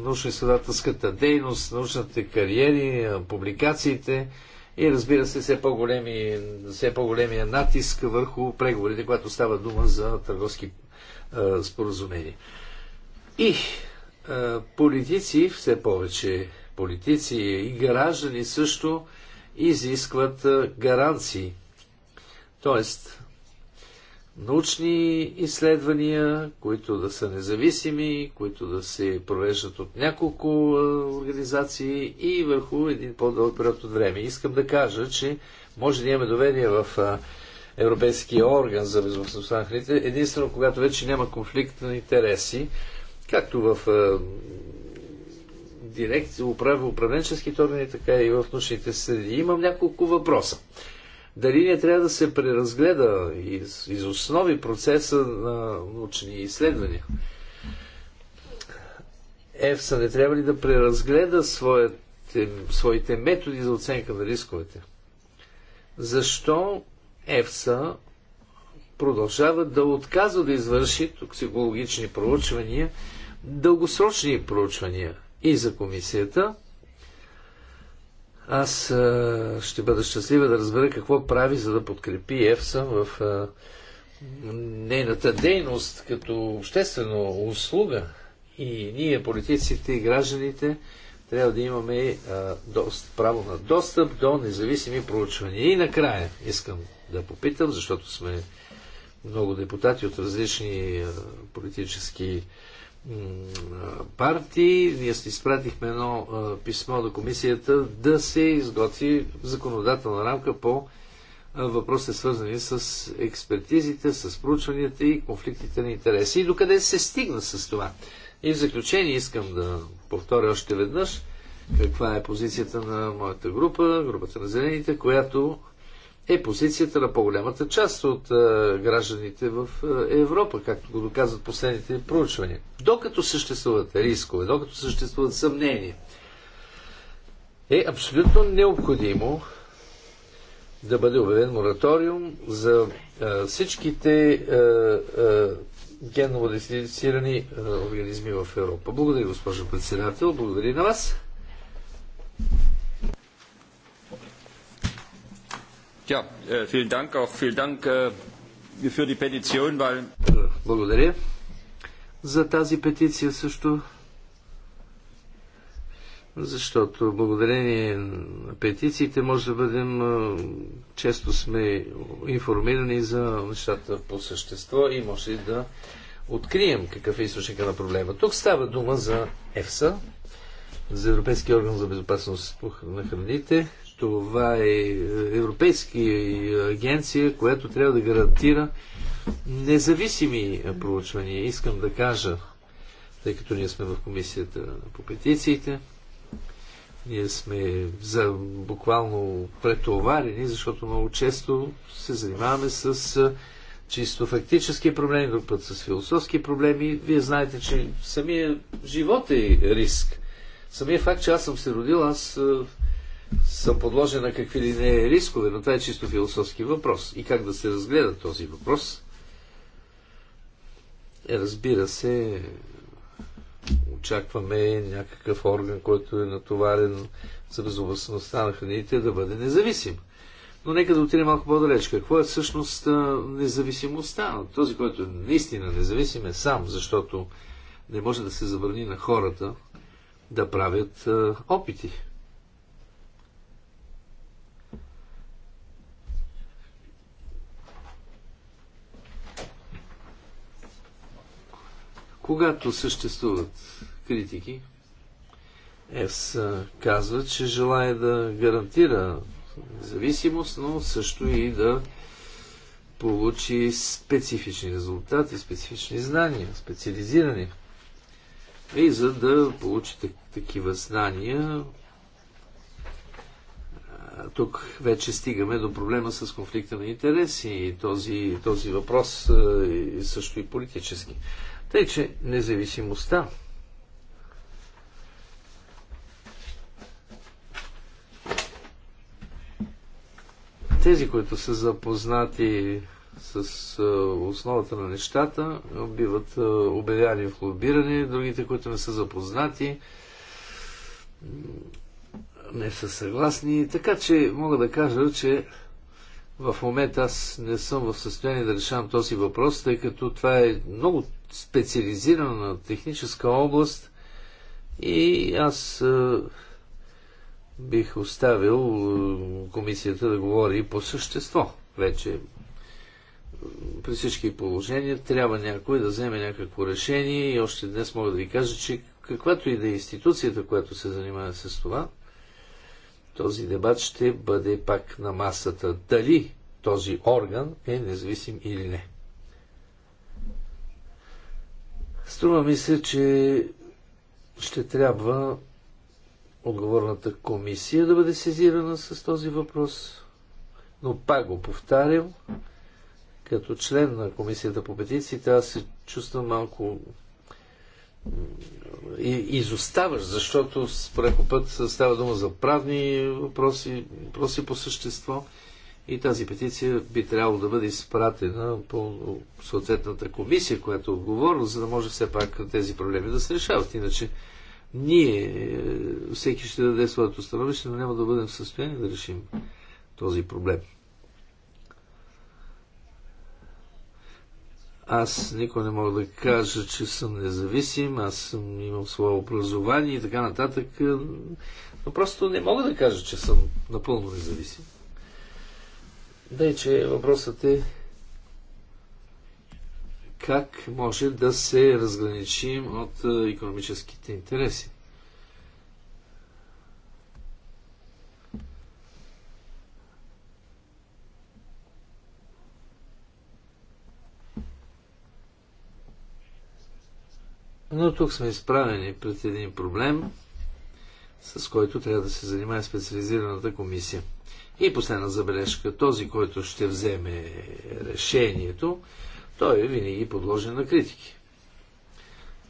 научно-изследователската дейност, научните кариери, публикациите и разбира се все, по-големи, все по-големия натиск върху преговорите, когато става дума за търговски а, споразумения. И а, политици, все повече политици и граждани също изискват гаранции. Тоест, научни изследвания, които да са независими, които да се провеждат от няколко организации и върху един по-дълъг период от време. Искам да кажа, че може да имаме доверие в Европейския орган за безопасността на храните, единствено когато вече няма конфликт на интереси, както в управленческите органи, така и в научните среди. Имам няколко въпроса дали не трябва да се преразгледа из, из основи процеса на научни изследвания. ЕФСА не трябва ли да преразгледа своите, своите методи за оценка на рисковете? Защо ЕФСА продължава да отказва да извърши токсикологични проучвания, дългосрочни проучвания и за комисията – аз ще бъда щастлива да разбера какво прави, за да подкрепи ЕФСА в нейната дейност като обществена услуга. И ние, политиците и гражданите, трябва да имаме а, дост, право на достъп до независими проучвания. И накрая искам да попитам, защото сме много депутати от различни а, политически а, партии. Ние си изпратихме едно писмо до комисията да се изготви законодателна рамка по въпросите свързани с експертизите, с проучванията и конфликтите на интереси. И докъде се стигна с това? И в заключение искам да повторя още веднъж каква е позицията на моята група, групата на зелените, която е позицията на по-голямата част от е, гражданите в е, Европа, както го доказват последните проучвания. Докато съществуват рискове, докато съществуват съмнения, е абсолютно необходимо да бъде обявен мораториум за а, е, всичките а, а, генно модифицирани организми в Европа. Благодаря, госпожо председател. Благодаря на вас. Äh, äh, Благодаря за тази петиция също, защото благодарение на петициите може да бъдем, често сме информирани за нещата по същество и може да открием какъв е източника на проблема. Тук става дума за ЕФСА, за Европейския орган за безопасност на храните, това е европейски агенция, която трябва да гарантира независими проучвания. Искам да кажа, тъй като ние сме в комисията по петициите, ние сме за, буквално претоварени, защото много често се занимаваме с чисто фактически проблеми, друг път с философски проблеми. Вие знаете, че самия живот е риск. Самия факт, че аз съм се родил, аз съм подложен на какви ли не е рискове, но това е чисто философски въпрос. И как да се разгледа този въпрос, е, разбира се, очакваме някакъв орган, който е натоварен за безопасността на храните, да бъде независим. Но нека да отидем малко по-далеч. Какво е всъщност независимостта? Този, който е наистина независим е сам, защото не може да се забрани на хората да правят опити. Когато съществуват критики, ЕС казва, че желая да гарантира зависимост, но също и да получи специфични резултати, специфични знания, специализирани. И за да получите такива знания, тук вече стигаме до проблема с конфликта на интереси и този, този въпрос е също и политически. Тъй, че независимостта тези, които са запознати с основата на нещата, биват обявяни в лобиране, другите, които не са запознати, не са съгласни. Така че мога да кажа, че в момента аз не съм в състояние да решавам този въпрос, тъй като това е много специализирана техническа област и аз е, бих оставил е, комисията да говори по същество. Вече е, при всички положения трябва някой да вземе някакво решение и още днес мога да ви кажа, че каквато и да е институцията, която се занимава с това, този дебат ще бъде пак на масата. Дали този орган е независим или не. Струва ми се, че ще трябва отговорната комисия да бъде сезирана с този въпрос. Но пак го повтарям, като член на комисията по петициите, аз се чувствам малко изоставаш, защото преко път става дума за правни въпроси, въпроси по същество. И тази петиция би трябвало да бъде изпратена по съответната комисия, която е отговорна, за да може все пак тези проблеми да се решават. Иначе ние, е, всеки ще даде своето становище, но няма да бъдем в състояние да решим този проблем. Аз никой не мога да кажа, че съм независим, аз съм имал свое образование и така нататък, но просто не мога да кажа, че съм напълно независим. Дай, че въпросът е как може да се разграничим от економическите интереси. Но тук сме изправени пред един проблем, с който трябва да се занимае специализираната комисия. И последна забележка. Този, който ще вземе решението, той е винаги подложен на критики.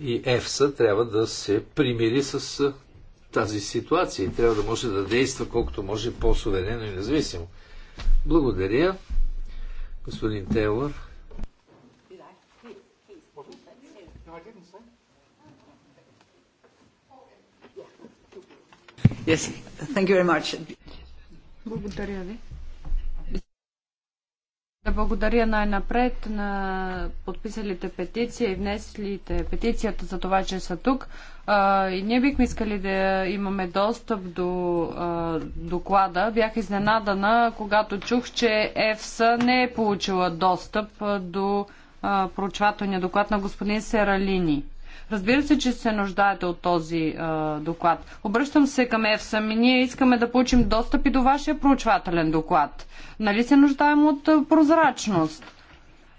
И ЕФСА трябва да се примири с тази ситуация и трябва да може да действа колкото може по-суверено и независимо. Благодаря, господин Тейлър. Yes, thank you very much. Благодаря ви. Да благодаря най-напред на подписалите петиция и внеслите петицията за това, че са тук. А, и ние бихме искали да имаме достъп до а, доклада. Бях изненадана, когато чух, че ЕФСА не е получила достъп а, до проучвателния доклад на господин Сералини. Разбира се, че се нуждаете от този а, доклад. Обръщам се към ЕФСА. Ми ние искаме да получим достъп и до вашия проучвателен доклад. Нали се нуждаем от а, прозрачност?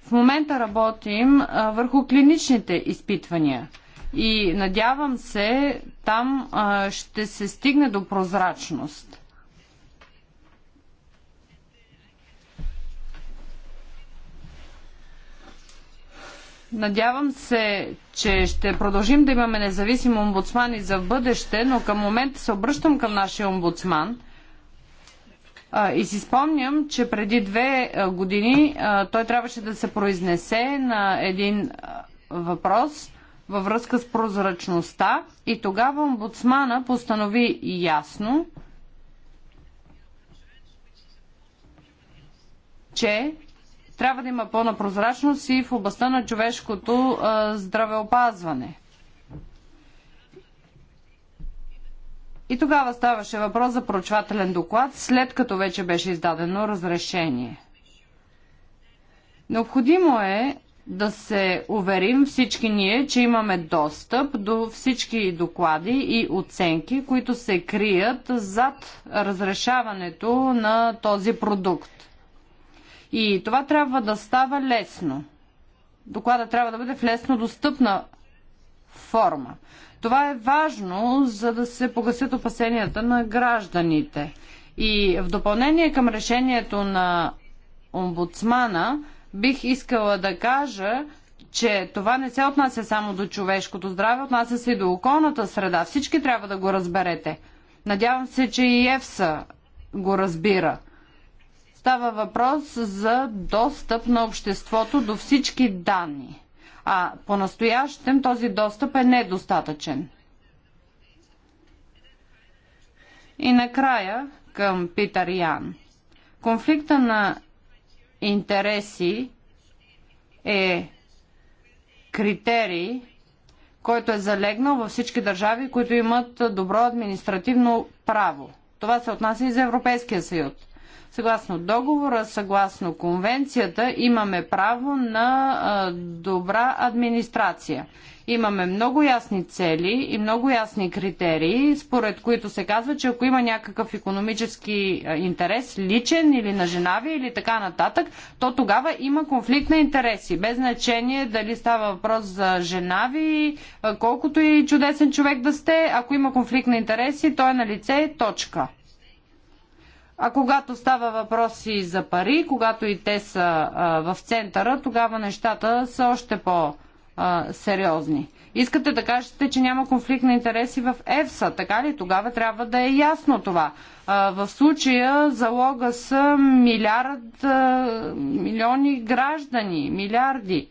В момента работим а, върху клиничните изпитвания. И надявам се, там а, ще се стигне до прозрачност. Надявам се, че ще продължим да имаме независим омбудсман и за бъдеще, но към момента се обръщам към нашия омбудсман – и си спомням, че преди две години той трябваше да се произнесе на един въпрос във връзка с прозрачността и тогава омбудсмана постанови ясно, че трябва да има пълна прозрачност и в областта на човешкото здравеопазване. И тогава ставаше въпрос за проучвателен доклад, след като вече беше издадено разрешение. Необходимо е да се уверим всички ние, че имаме достъп до всички доклади и оценки, които се крият зад разрешаването на този продукт. И това трябва да става лесно. Доклада трябва да бъде в лесно достъпна форма. Това е важно, за да се погасят опасенията на гражданите. И в допълнение към решението на омбудсмана, бих искала да кажа, че това не се отнася само до човешкото здраве, отнася се и до околната среда. Всички трябва да го разберете. Надявам се, че и Евса го разбира. Става въпрос за достъп на обществото до всички данни. А по-настоящем този достъп е недостатъчен. И накрая към Питър Ян. Конфликта на интереси е критерий, който е залегнал във всички държави, които имат добро административно право. Това се отнася и за Европейския съюз. Съгласно договора, съгласно конвенцията, имаме право на добра администрация. Имаме много ясни цели и много ясни критерии, според които се казва, че ако има някакъв економически интерес, личен или на женави или така нататък, то тогава има конфликт на интереси. Без значение дали става въпрос за женави, колкото и чудесен човек да сте, ако има конфликт на интереси, той е на лице точка. А когато става въпроси за пари, когато и те са а, в центъра, тогава нещата са още по-сериозни. Искате да кажете, че няма конфликт на интереси в ЕФСА, така ли? Тогава трябва да е ясно това. А, в случая залога са милиард, а, милиони граждани, милиарди.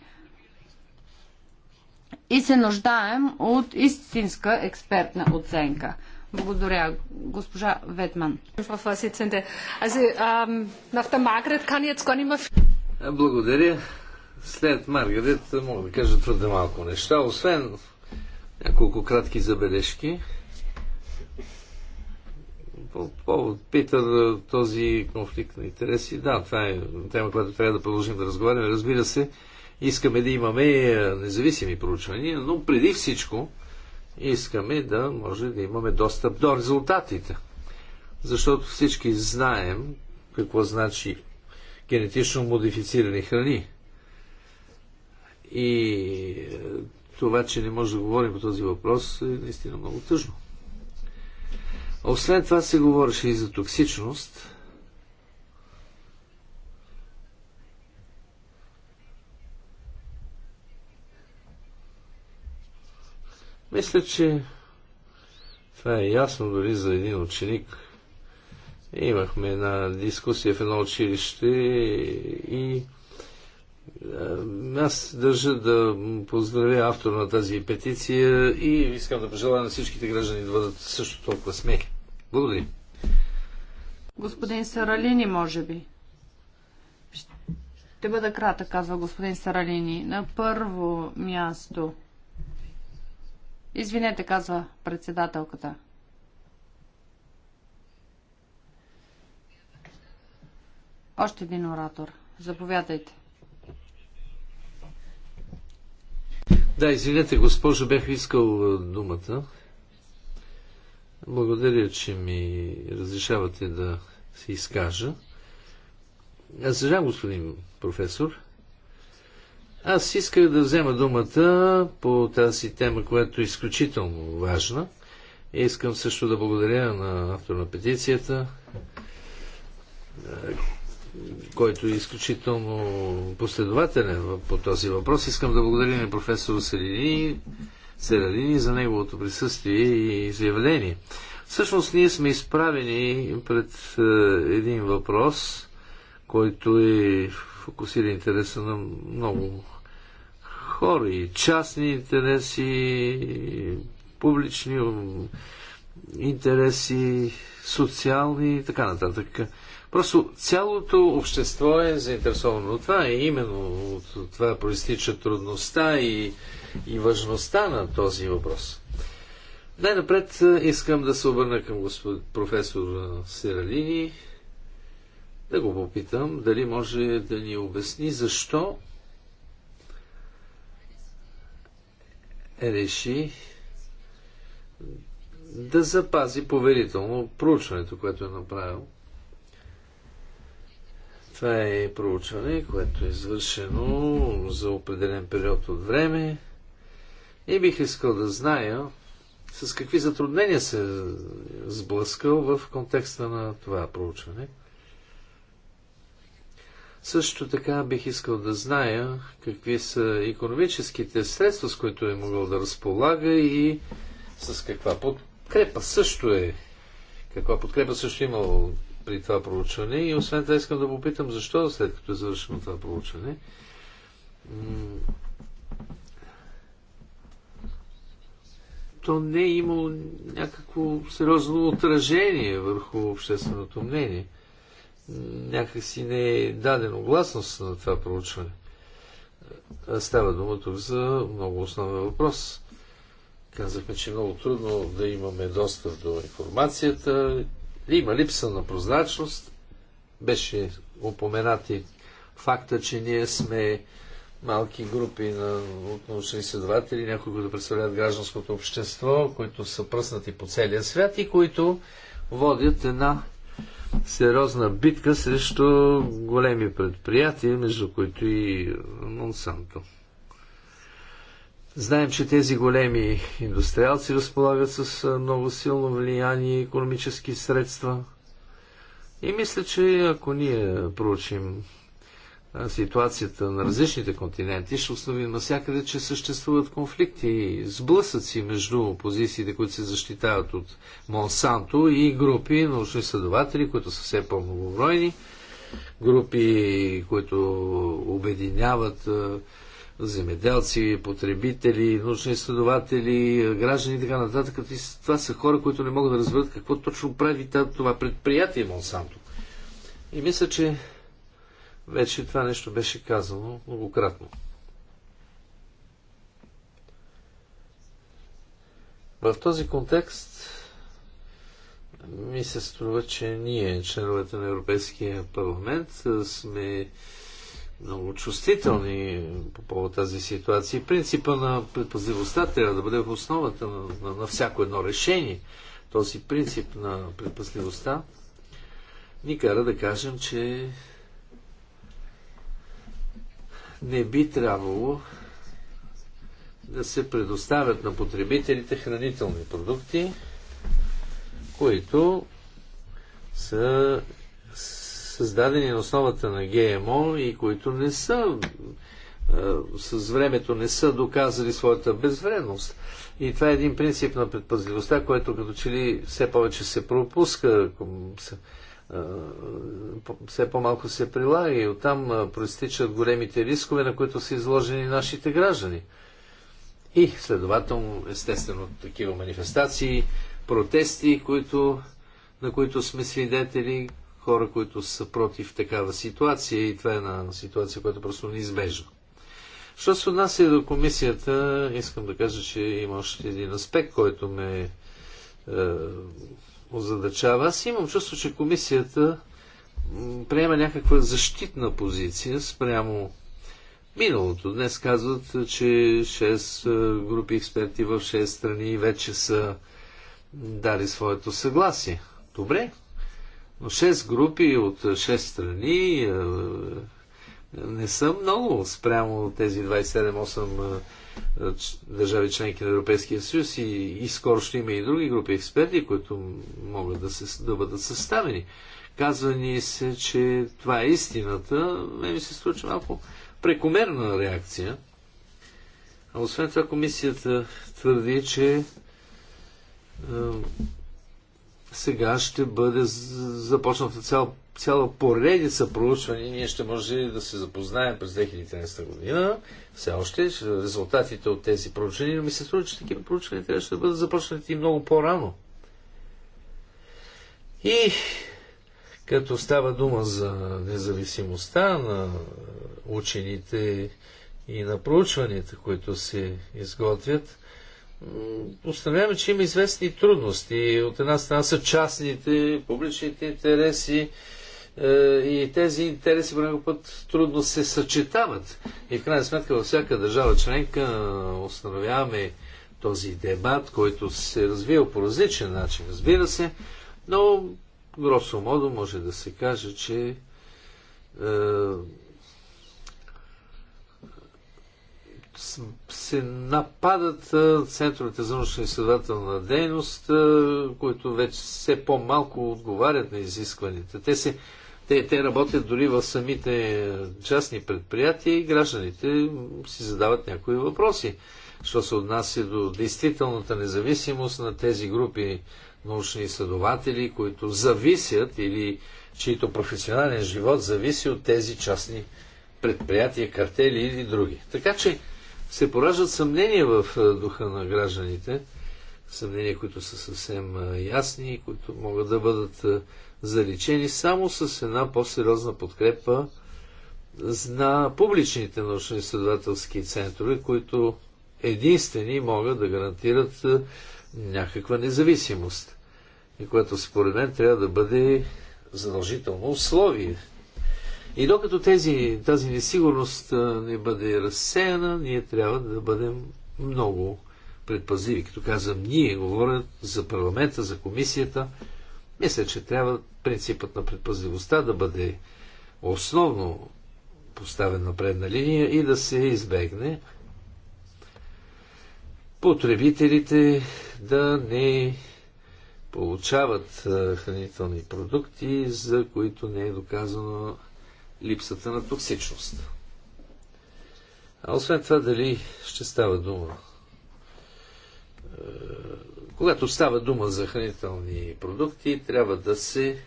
И се нуждаем от истинска експертна оценка. Благодаря. Госпожа Ветман. Ähm, Благодаря. След Маргарет е, мога да кажа твърде малко неща, освен няколко кратки забележки. По повод Питър е, този конфликт на интереси, да, това е тема, която трябва да продължим да разговаряме. Разбира се, искаме да имаме е, независими проучвания, но преди всичко Искаме да може да имаме достъп до резултатите. Защото всички знаем какво значи генетично модифицирани храни. И е, това, че не може да говорим по този въпрос, е наистина много тъжно. Освен това се говореше и за токсичност. Мисля, че това е ясно дори за един ученик. Имахме една дискусия в едно училище и е, аз държа да поздравя автора на тази петиция и искам да пожелая на всичките граждани да бъдат също толкова смеки. Благодаря. Господин Саралини, може би. Ще бъда кратък, казва господин Саралини. На първо място Извинете, казва председателката. Още един оратор. Заповядайте. Да, извинете, госпожо, бях искал думата. Благодаря, че ми разрешавате да се изкажа. Аз съжалявам, господин професор, аз исках да взема думата по тази тема, която е изключително важна. и Искам също да благодаря на автор на петицията, е, който е изключително последователен по този въпрос. Искам да благодаря на професор Селини, Селини за неговото присъствие и изявление. Всъщност ние сме изправени пред е, един въпрос, който е фокусира интереса на много хора и частни интереси, и публични интереси, социални и така нататък. Просто цялото общество е заинтересовано от това и именно от това проистича трудността и, и важността на този въпрос. Най-напред е, искам да се обърна към господ, професор Сиралини, да го попитам дали може да ни обясни защо реши да запази поверително проучването, което е направил. Това е проучване, което е извършено за определен период от време и бих искал да зная с какви затруднения се сблъскал в контекста на това проучване – също така бих искал да зная какви са економическите средства, с които е могъл да разполага и с каква подкрепа също е. Каква подкрепа също е имал при това проучване. И освен това искам да попитам защо след като е завършено това проучване. То не е имало някакво сериозно отражение върху общественото мнение някакси не е дадено гласност на това проучване. Става дума тук за много основен въпрос. Казахме, че е много трудно да имаме достъп до информацията. Има липса на прозрачност. Беше упоменати факта, че ние сме малки групи на, научни изследователи, някои, които представляват гражданското общество, които са пръснати по целия свят и които водят една сериозна битка срещу големи предприятия, между които и Монсанто. Знаем, че тези големи индустриалци разполагат с много силно влияние и економически средства. И мисля, че ако ние проучим ситуацията на различните континенти, ще установим навсякъде, че съществуват конфликти, сблъсъци между позициите, които се защитават от Монсанто и групи научни следователи, които са все по-многобройни, групи, които обединяват земеделци, потребители, научни изследователи, граждани и така нататък. И това са хора, които не могат да разберат какво точно прави това предприятие Монсанто. И мисля, че вече това нещо беше казано многократно. В този контекст ми се струва, че ние, членовете на Европейския парламент, сме много чувствителни по повод тази ситуация. Принципа на предпазливостта трябва да бъде в основата на, на, на всяко едно решение. Този принцип на предпазливостта ни кара да кажем, че не би трябвало да се предоставят на потребителите хранителни продукти, които са създадени на основата на ГМО и които не са с времето не са доказали своята безвредност. И това е един принцип на предпазливостта, който като че ли все повече се пропуска. Е, е, е, все по-малко се прилага и оттам проистичат големите рискове, на които са изложени нашите граждани. И следователно, естествено, такива манифестации, протести, които, на които сме свидетели, хора, които са против такава ситуация и това е една ситуация, която просто неизбежна. Що се отнася до комисията, искам да кажа, че има още един аспект, който ме е, озадачава. Аз имам чувство, че комисията приема някаква защитна позиция спрямо миналото. Днес казват, че 6 е, групи експерти в 6 страни вече са дали своето съгласие. Добре, но 6 групи от 6 страни е, е, не са много спрямо тези 27-8 е, държави членки на Европейския съюз и, и скоро ще има и други групи експерти, които могат да, се, да бъдат съставени. Казва ни се, че това е истината. Мен ми се случва малко прекомерна реакция. А освен това комисията твърди, че е, сега ще бъде започната цял, цяла поредица проучвания. Ние ще може да се запознаем през 2013 година. Все още резултатите от тези проучвания, но ми се струва, че такива проучвания трябваше да бъдат започнати и много по-рано. И като става дума за независимостта на учените и на проучванията, които се изготвят, установяваме, че има известни трудности. От една страна са частните, публичните интереси е, и тези интереси по някакъв път трудно се съчетават. И в крайна сметка във всяка държава членка е, установяваме този дебат, който се развива по различен начин, разбира се, но гросо модо може да се каже, че е, се нападат центровете за научно-изследователна дейност, които вече все по-малко отговарят на изискванията. Те, се, те, те работят дори в самите частни предприятия и гражданите си задават някои въпроси, що се отнася до действителната независимост на тези групи научни изследователи, които зависят или чието професионален живот зависи от тези частни предприятия, картели или други. Така че се пораждат съмнения в е, духа на гражданите, съмнения, които са съвсем е, ясни и които могат да бъдат е, заличени само с една по-сериозна подкрепа на публичните научно-изследователски центрове, които единствени могат да гарантират някаква независимост и което според мен трябва да бъде задължително условие и докато тези, тази несигурност не бъде разсеяна, ние трябва да бъдем много предпазливи. Като казвам ние, говорят за парламента, за комисията, мисля, че трябва принципът на предпазливостта да бъде основно поставен на предна линия и да се избегне потребителите да не получават хранителни продукти, за които не е доказано липсата на токсичност. А освен това, дали ще става дума? Е, когато става дума за хранителни продукти, трябва да се е,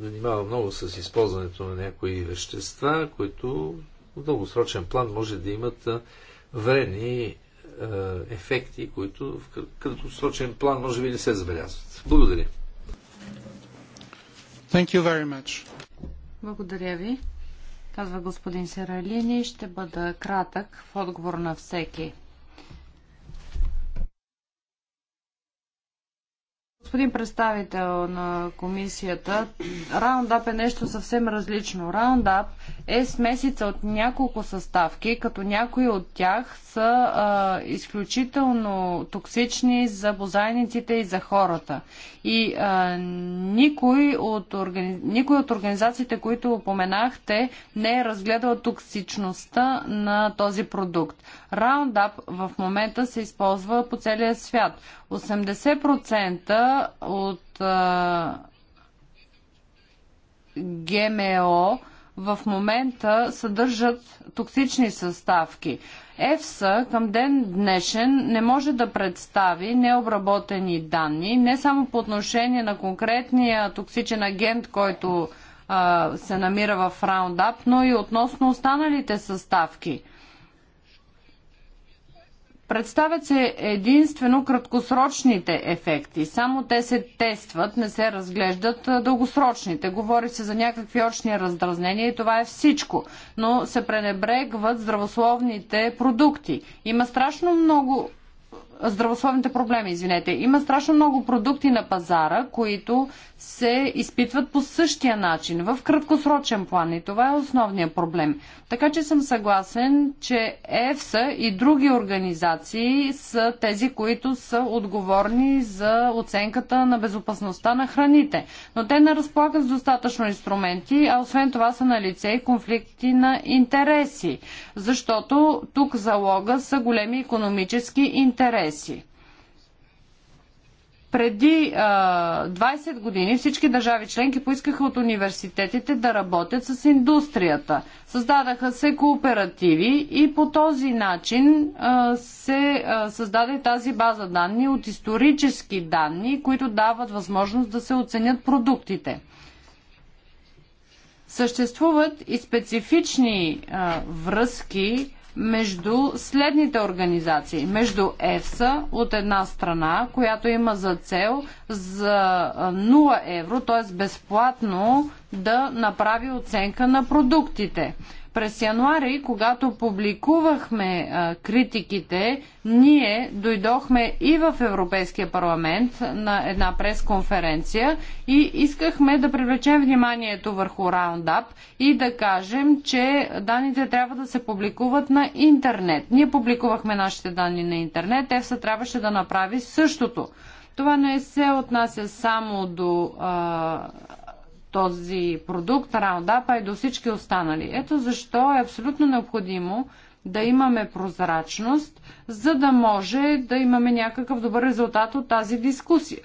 занимава много с използването на някои вещества, които в дългосрочен план може да имат е, вредни ефекти, които в краткосрочен план може би не се забелязват. Благодаря. Thank you very much. Благодаря ви. Казва господин Сералини. Ще бъда кратък в отговор на всеки. Господин представител на комисията, Roundup е нещо съвсем различно. Roundup е смесица от няколко съставки, като някои от тях са а, изключително токсични за бозайниците и за хората. И а, никой, от органи... никой от организациите, които упоменахте, не е разгледал токсичността на този продукт. Roundup в момента се използва по целия свят. 80% от а, ГМО в момента съдържат токсични съставки. ЕФСА към ден днешен не може да представи необработени данни, не само по отношение на конкретния токсичен агент, който а, се намира в Roundup, но и относно останалите съставки – Представят се единствено краткосрочните ефекти. Само те се тестват, не се разглеждат дългосрочните. Говори се за някакви очни раздразнения и това е всичко. Но се пренебрегват здравословните продукти. Има страшно много здравословните проблеми, извинете. Има страшно много продукти на пазара, които се изпитват по същия начин, в краткосрочен план. И това е основният проблем. Така че съм съгласен, че ЕФСА и други организации са тези, които са отговорни за оценката на безопасността на храните. Но те не разполагат с достатъчно инструменти, а освен това са на лице и конфликти на интереси. Защото тук залога са големи економически интереси. Преди а, 20 години всички държави членки поискаха от университетите да работят с индустрията. Създадаха се кооперативи и по този начин а, се а, създаде тази база данни от исторически данни, които дават възможност да се оценят продуктите. Съществуват и специфични а, връзки между следните организации. Между ЕФСА от една страна, която има за цел за 0 евро, т.е. безплатно да направи оценка на продуктите. През януари, когато публикувахме а, критиките, ние дойдохме и в Европейския парламент на една пресконференция и искахме да привлечем вниманието върху Roundup и да кажем, че данните трябва да се публикуват на интернет. Ние публикувахме нашите данни на интернет, ЕФСА трябваше да направи същото. Това не се отнася само до а, този продукт, раундапа и до всички останали. Ето защо е абсолютно необходимо да имаме прозрачност, за да може да имаме някакъв добър резултат от тази дискусия.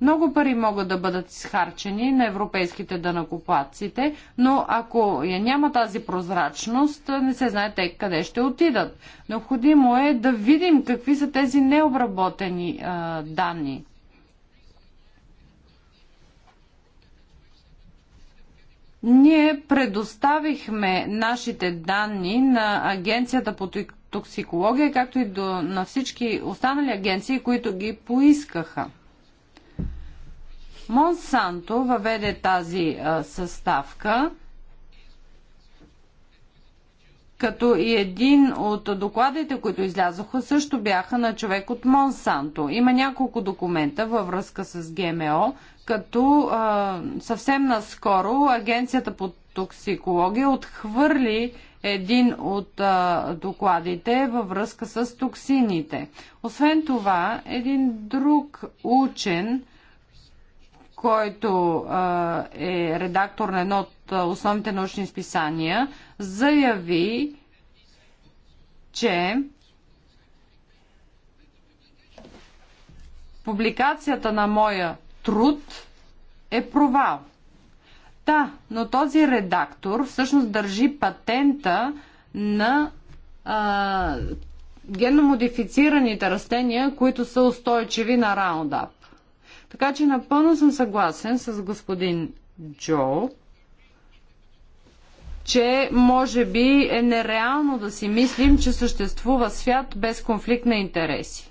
Много пари могат да бъдат изхарчени на европейските дънакоплаците, но ако я няма тази прозрачност, не се знае те къде ще отидат. Необходимо е да видим какви са тези необработени а, данни. Ние предоставихме нашите данни на Агенцията по токсикология, както и до, на всички останали агенции, които ги поискаха. Монсанто въведе тази а, съставка като и един от докладите, които излязоха, също бяха на човек от Монсанто. Има няколко документа във връзка с ГМО, като а, съвсем наскоро Агенцията по токсикология отхвърли един от а, докладите във връзка с токсините. Освен това, един друг учен, който а, е редактор на едно от основните научни списания, заяви, че публикацията на моя труд е провал. Да, но този редактор всъщност държи патента на а, геномодифицираните растения, които са устойчиви на Roundup. Така че напълно съм съгласен с господин Джо, че може би е нереално да си мислим, че съществува свят без конфликт на интереси.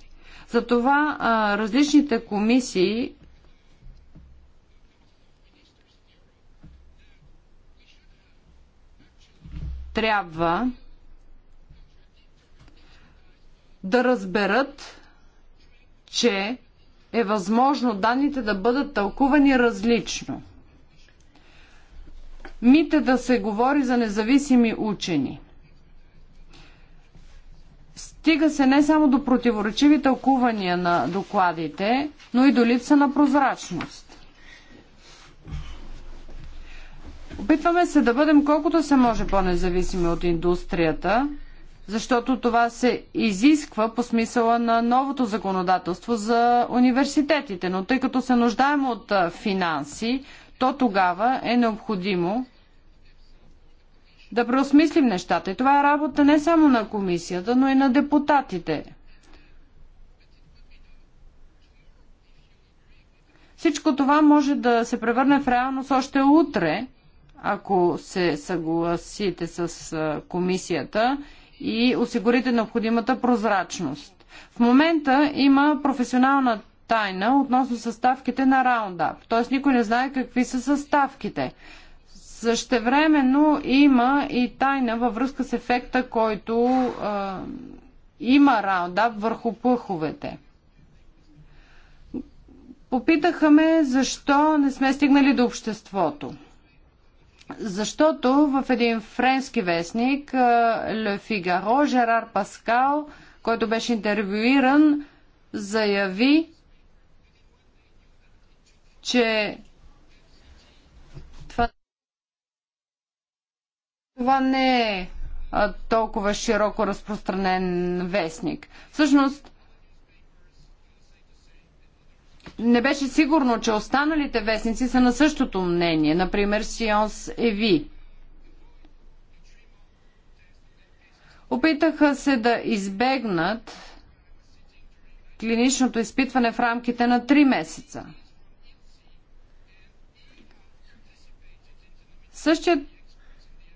Затова а, различните комисии трябва да разберат, че е възможно данните да бъдат тълкувани различно. Мите да се говори за независими учени. Стига се не само до противоречиви тълкувания на докладите, но и до липса на прозрачност. Опитваме се да бъдем колкото се може по-независими от индустрията, защото това се изисква по смисъла на новото законодателство за университетите. Но тъй като се нуждаем от финанси, то тогава е необходимо да преосмислим нещата. И това е работа не само на комисията, но и на депутатите. Всичко това може да се превърне в реалност още утре, ако се съгласите с комисията и осигурите необходимата прозрачност. В момента има професионална тайна относно съставките на Roundup, т.е. никой не знае какви са съставките. Същевременно има и тайна във връзка с ефекта, който е, има Roundup върху пъховете. Попитаха ме защо не сме стигнали до обществото. Защото в един френски вестник, Le Figaro, Жерар Паскал, който беше интервюиран, заяви, че това, това не е толкова широко разпространен вестник. Всъщност, не беше сигурно, че останалите вестници са на същото мнение, например Сионс Еви. Опитаха се да избегнат клиничното изпитване в рамките на 3 месеца. Същият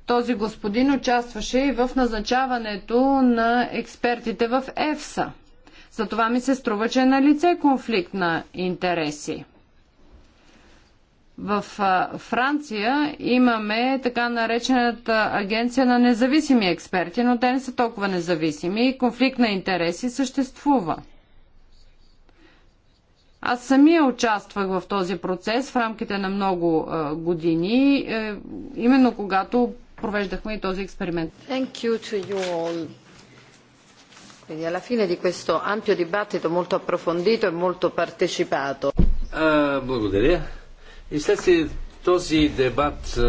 този господин участваше и в назначаването на експертите в ЕФСА – затова ми се струва, че е на лице конфликт на интереси. В Франция имаме така наречената агенция на независими експерти, но те не са толкова независими и конфликт на интереси съществува. Аз самия участвах в този процес в рамките на много години, е, именно когато провеждахме и този експеримент. Thank you to you all. Quindi alla fine di questo ampio dibattito molto approfondito e molto partecipato. благодаря. този дебат,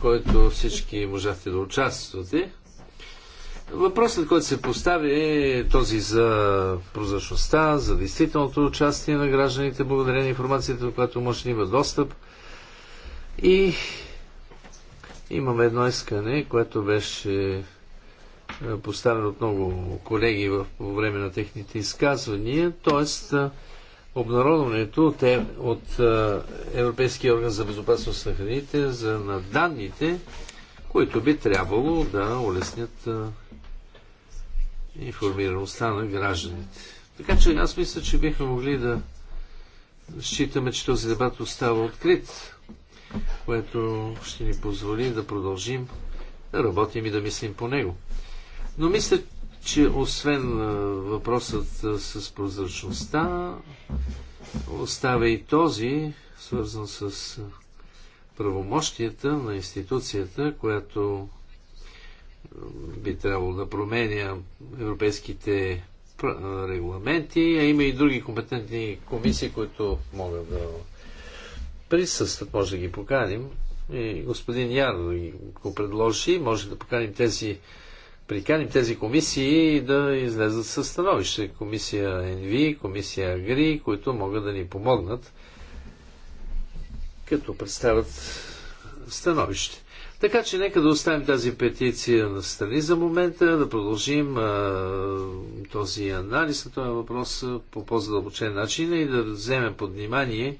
който всички можахте да участвате, Въпросът, който се постави е този за прозрачността, за действителното участие на гражданите, благодаря на информацията, до която може да има достъп. И имаме едно искане, което беше е, поставен от много колеги в, по време на техните изказвания, е, т.е. обнародването е, от Европейския орган за безопасност на храните за, на данните, които би трябвало да улеснят е, информираността на гражданите. Така че аз мисля, че бихме могли да считаме, че този дебат остава открит, което ще ни позволи да продължим да работим и да мислим по него. Но мисля, че освен въпросът с прозрачността, остава и този, свързан с правомощията на институцията, която би трябвало да променя европейските регламенти, а има и други компетентни комисии, които могат да присъстват, може да ги поканим. И господин Яр го предложи, може да поканим тези приканим тези комисии да излезат със становище. Комисия НВ, комисия АГРИ, които могат да ни помогнат като представят становище. Така че нека да оставим тази петиция на страни за момента, да продължим а, този анализ на този въпрос по по-задълбочен начин и да вземем под внимание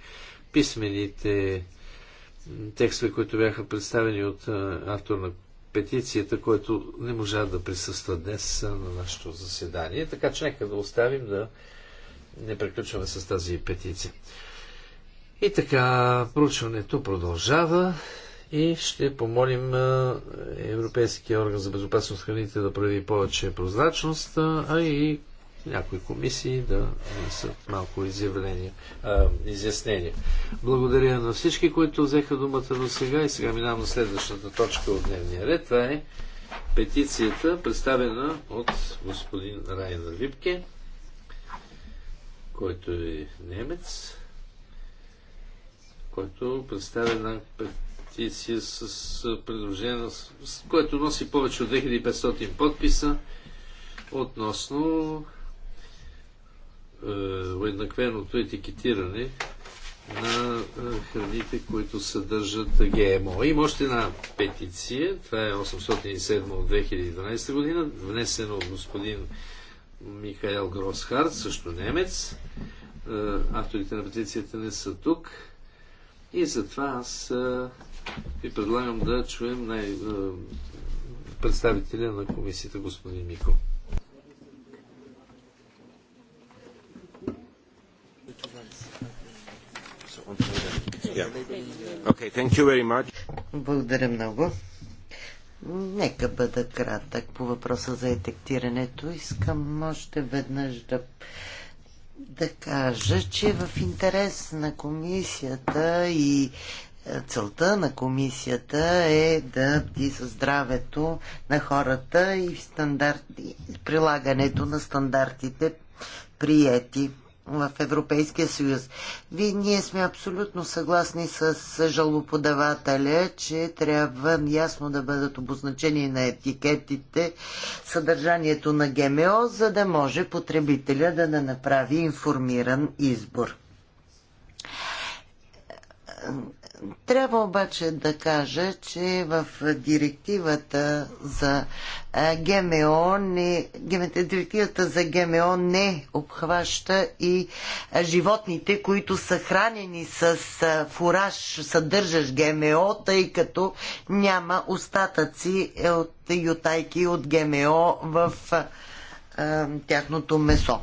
писмените текстове, които бяха представени от автор на петицията, който не можа да присъства днес на нашето заседание. Така че нека да оставим да не приключваме с тази петиция. И така, проучването продължава и ще помолим Европейския орган за безопасност храните да прави повече прозрачност, а и някои комисии да внесат малко изявление, а, изяснение. Благодаря на всички, които взеха думата до сега и сега минавам на следващата точка от дневния ред. Това е петицията, представена от господин Райна Випке, който е немец, който представя една петиция с предложение, с, което носи повече от 2500 подписа относно е, уеднаквеното етикетиране на е, храните, които съдържат ГМО. Има още една петиция, това е 807 от 2012 година, внесена от господин Михаил Гросхард, също немец. Е, авторите на петицията не са тук. И затова аз ви предлагам да чуем най- представителя на комисията господин Мико. Благодаря много. Нека бъда кратък по въпроса за етектирането. Искам още веднъж да, да кажа, че е в интерес на комисията и е, целта на комисията е да бди за здравето на хората и стандарти, прилагането на стандартите приети в Европейския съюз. Вие, ние сме абсолютно съгласни с жалоподавателя, че трябва ясно да бъдат обозначени на етикетите съдържанието на ГМО, за да може потребителя да не направи информиран избор трябва обаче да кажа, че в директивата за е, ГМО не, директивата за ГМО не обхваща и е, животните, които са хранени с е, фураж, съдържащ ГМО, тъй като няма остатъци от ютайки от ГМО в а, тяхното месо.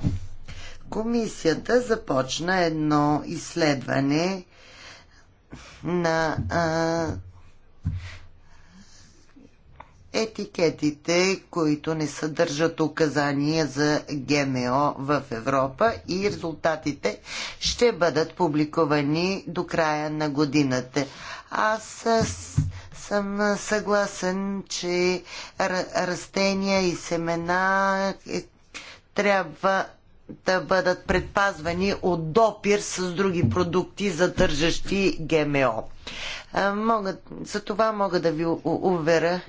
Комисията започна едно изследване на а, етикетите, които не съдържат указания за ГМО в Европа и резултатите ще бъдат публикувани до края на годината. Аз съм съгласен, че растения и семена е, трябва да бъдат предпазвани от допир с други продукти, задържащи ГМО. Мога, за това мога да ви уверя,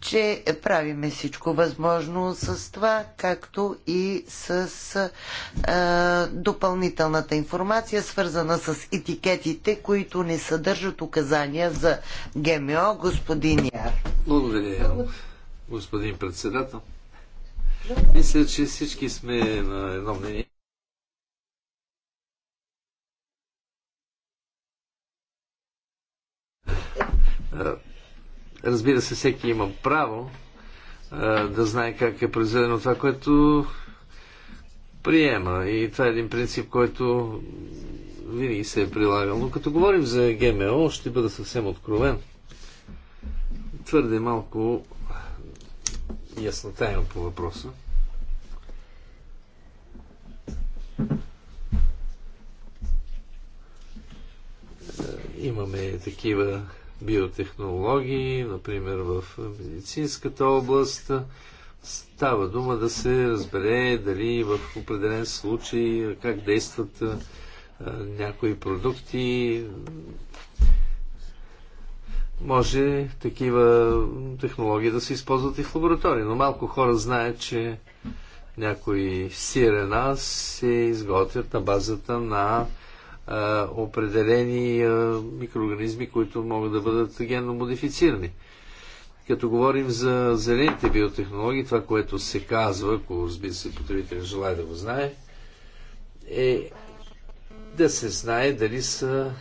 че правиме всичко възможно с това, както и с а, допълнителната информация, свързана с етикетите, които не съдържат указания за ГМО, господин Яр. Благодаря, господин председател. Мисля, че всички сме на едно мнение. Е, разбира се, всеки има право е, да знае как е произведено това, което приема. И това е един принцип, който винаги се е прилагал. Но като говорим за ГМО, ще бъда съвсем откровен. Твърде малко яснота има по въпроса. Е, имаме такива биотехнологии, например в медицинската област. Става дума да се разбере дали в определен случай как действат е, някои продукти, може такива технологии да се използват и в лаборатории. Но малко хора знаят, че някои сирена се изготвят на базата на а, определени а, микроорганизми, които могат да бъдат генно модифицирани. Като говорим за зелените биотехнологии, това, което се казва, ако разбира се потребителя желая да го знае, е да се знае дали са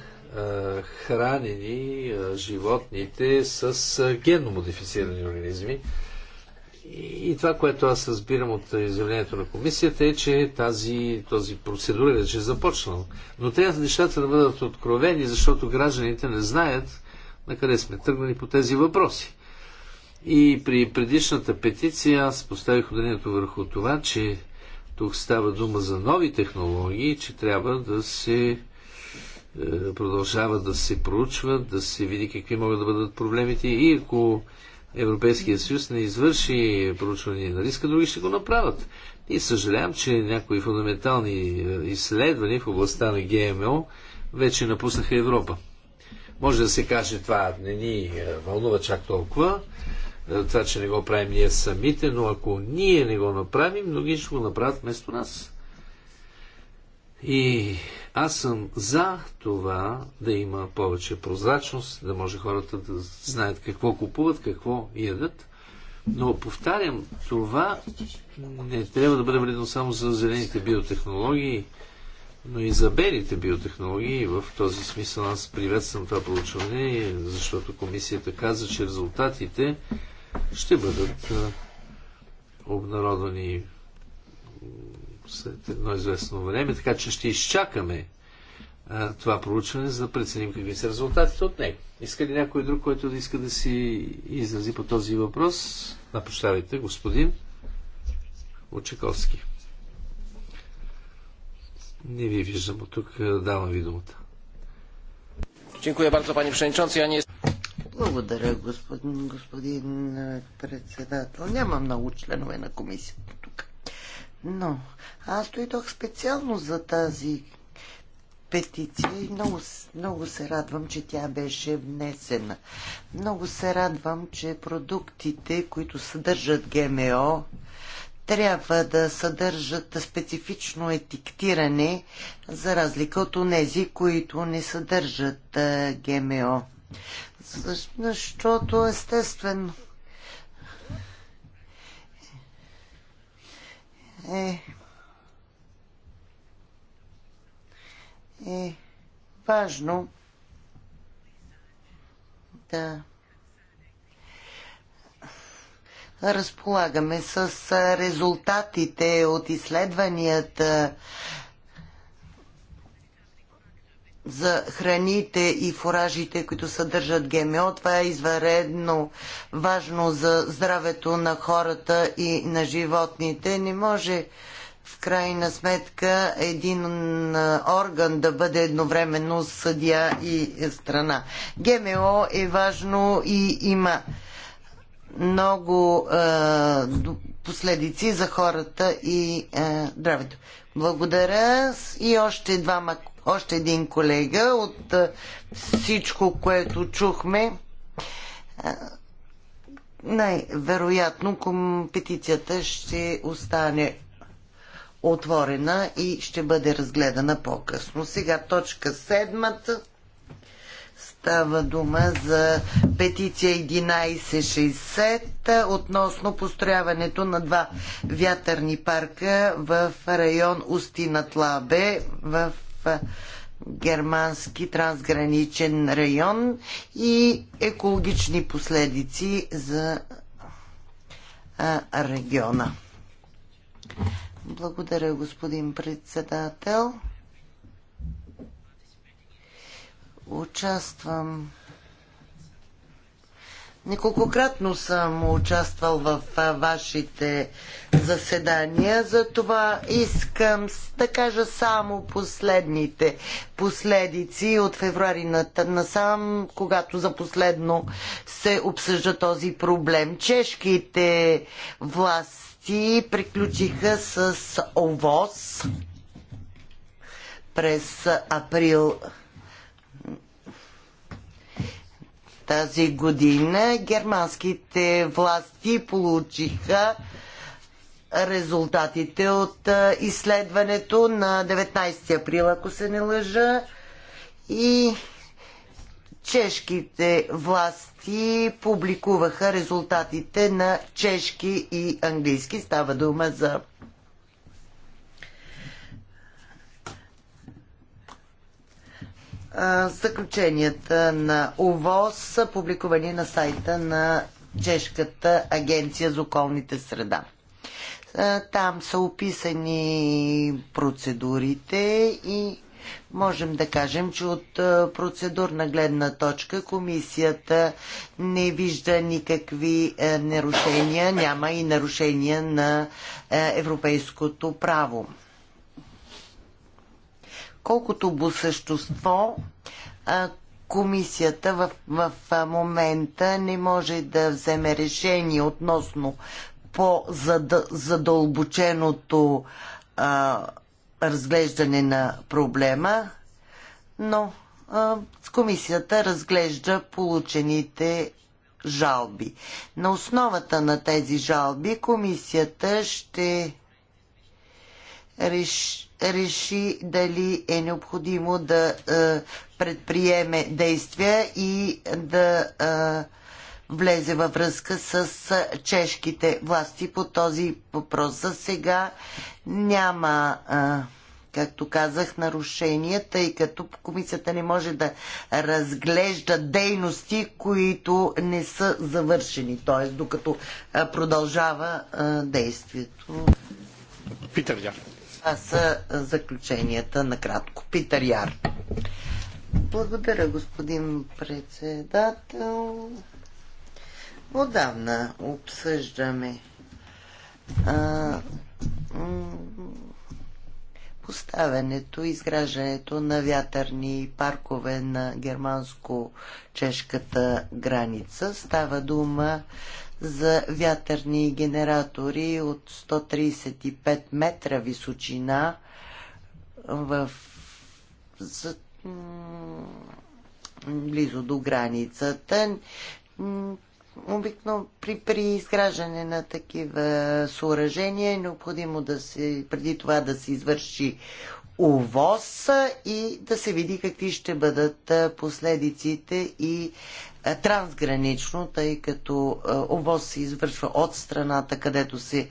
хранени животните с генно модифицирани организми. И това, което аз разбирам от изявлението на комисията е, че тази, този процедура вече е започнал. Но трябва нещата да бъдат откровени, защото гражданите не знаят на къде сме тръгнали по тези въпроси. И при предишната петиция аз поставих ударението върху това, че тук става дума за нови технологии, че трябва да се продължава да се проучва, да се види какви могат да бъдат проблемите и ако Европейския съюз не извърши проучване на риска, други ще го направят. И съжалявам, че някои фундаментални е, изследвания в областта на ГМО вече напуснаха Европа. Може да се каже, това не ни е, вълнува чак толкова, е, това, че не го правим ние самите, но ако ние не го направим, други ще го направят вместо нас. И аз съм за това да има повече прозрачност, да може хората да знаят какво купуват, какво ядат. Но повтарям, това не трябва да бъде вредно само за зелените биотехнологии, но и за белите биотехнологии. В този смисъл аз приветствам това проучване, защото комисията каза, че резултатите ще бъдат обнародвани след едно известно време, така че ще изчакаме а, това проучване, за да преценим какви са резултатите от него. Иска ли някой друг, който да иска да си изрази по този въпрос? Напощавайте, господин Очаковски. Не ви виждам от тук. Давам ви думата. Благодаря, господин, господин председател. Няма много членове на комисията. Но аз дойдох специално за тази петиция и много, много се радвам, че тя беше внесена. Много се радвам, че продуктите, които съдържат ГМО, трябва да съдържат специфично етиктиране, за разлика от онези, които не съдържат ГМО. Защото естествено е, е важно да разполагаме с резултатите от изследванията за храните и фуражите, които съдържат ГМО. Това е изваредно важно за здравето на хората и на животните. Не може в крайна сметка един орган да бъде едновременно съдия и страна. ГМО е важно и има много е, последици за хората и е, здравето. Благодаря и още двама още един колега от всичко, което чухме. Най-вероятно петицията ще остане отворена и ще бъде разгледана по-късно. Сега точка седмата. Става дума за петиция 1160 относно построяването на два вятърни парка в район Устина в германски трансграничен район и екологични последици за региона. Благодаря, господин председател. Участвам Неколкократно съм участвал в вашите заседания, затова искам да кажа само последните последици от февруари насам, когато за последно се обсъжда този проблем. Чешките власти приключиха с ОВОз през април тази година германските власти получиха резултатите от изследването на 19 април, ако се не лъжа. И чешките власти публикуваха резултатите на чешки и английски. Става дума за заключенията на ОВОС са публикувани на сайта на Чешката агенция за околните среда. Там са описани процедурите и можем да кажем, че от процедурна гледна точка комисията не вижда никакви нарушения, няма и нарушения на европейското право. Колкото по същество, комисията в, в момента не може да вземе решение относно по-задълбоченото разглеждане на проблема, но а, комисията разглежда получените жалби. На основата на тези жалби комисията ще реш, реши дали е необходимо да е, предприеме действия и да е, влезе във връзка с чешките власти по този въпрос. За сега няма. Е, както казах, нарушения, тъй като комисията не може да разглежда дейности, които не са завършени, т.е. докато е, продължава е, действието. Питър Яр. Това са заключенията на кратко. Питър Яр. Благодаря, господин председател. Отдавна обсъждаме а, поставянето, изграждането на вятърни паркове на германско-чешката граница. Става дума за вятърни генератори от 135 метра височина в за, близо до границата. Обикновено при, при изграждане на такива съоръжения е необходимо да се, преди това да се извърши увоз и да се види какви ще бъдат последиците и трансгранично, тъй като увоз се извършва от страната, където се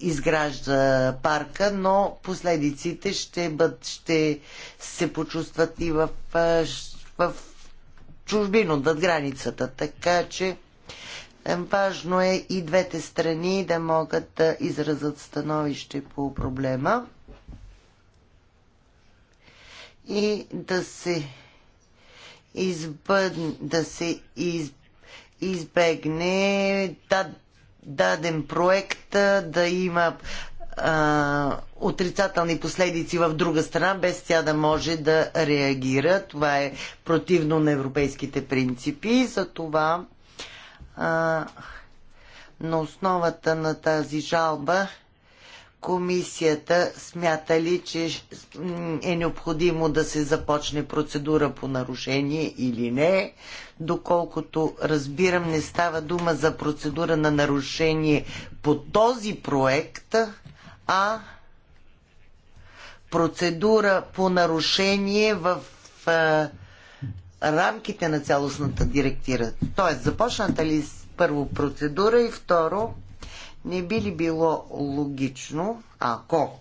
изгражда парка, но последиците ще, бъд, ще се почувстват и в, в чужбин от границата. Така че важно е и двете страни да могат да изразят становище по проблема и да се, избъд, да се из, избегне да, даден проект да има а, отрицателни последици в друга страна, без тя да може да реагира. Това е противно на европейските принципи. За това а, на основата на тази жалба комисията смята ли, че е необходимо да се започне процедура по нарушение или не. Доколкото разбирам, не става дума за процедура на нарушение по този проект, а процедура по нарушение в рамките на цялостната директира. Тоест, започната ли първо процедура и второ не би ли било логично, ако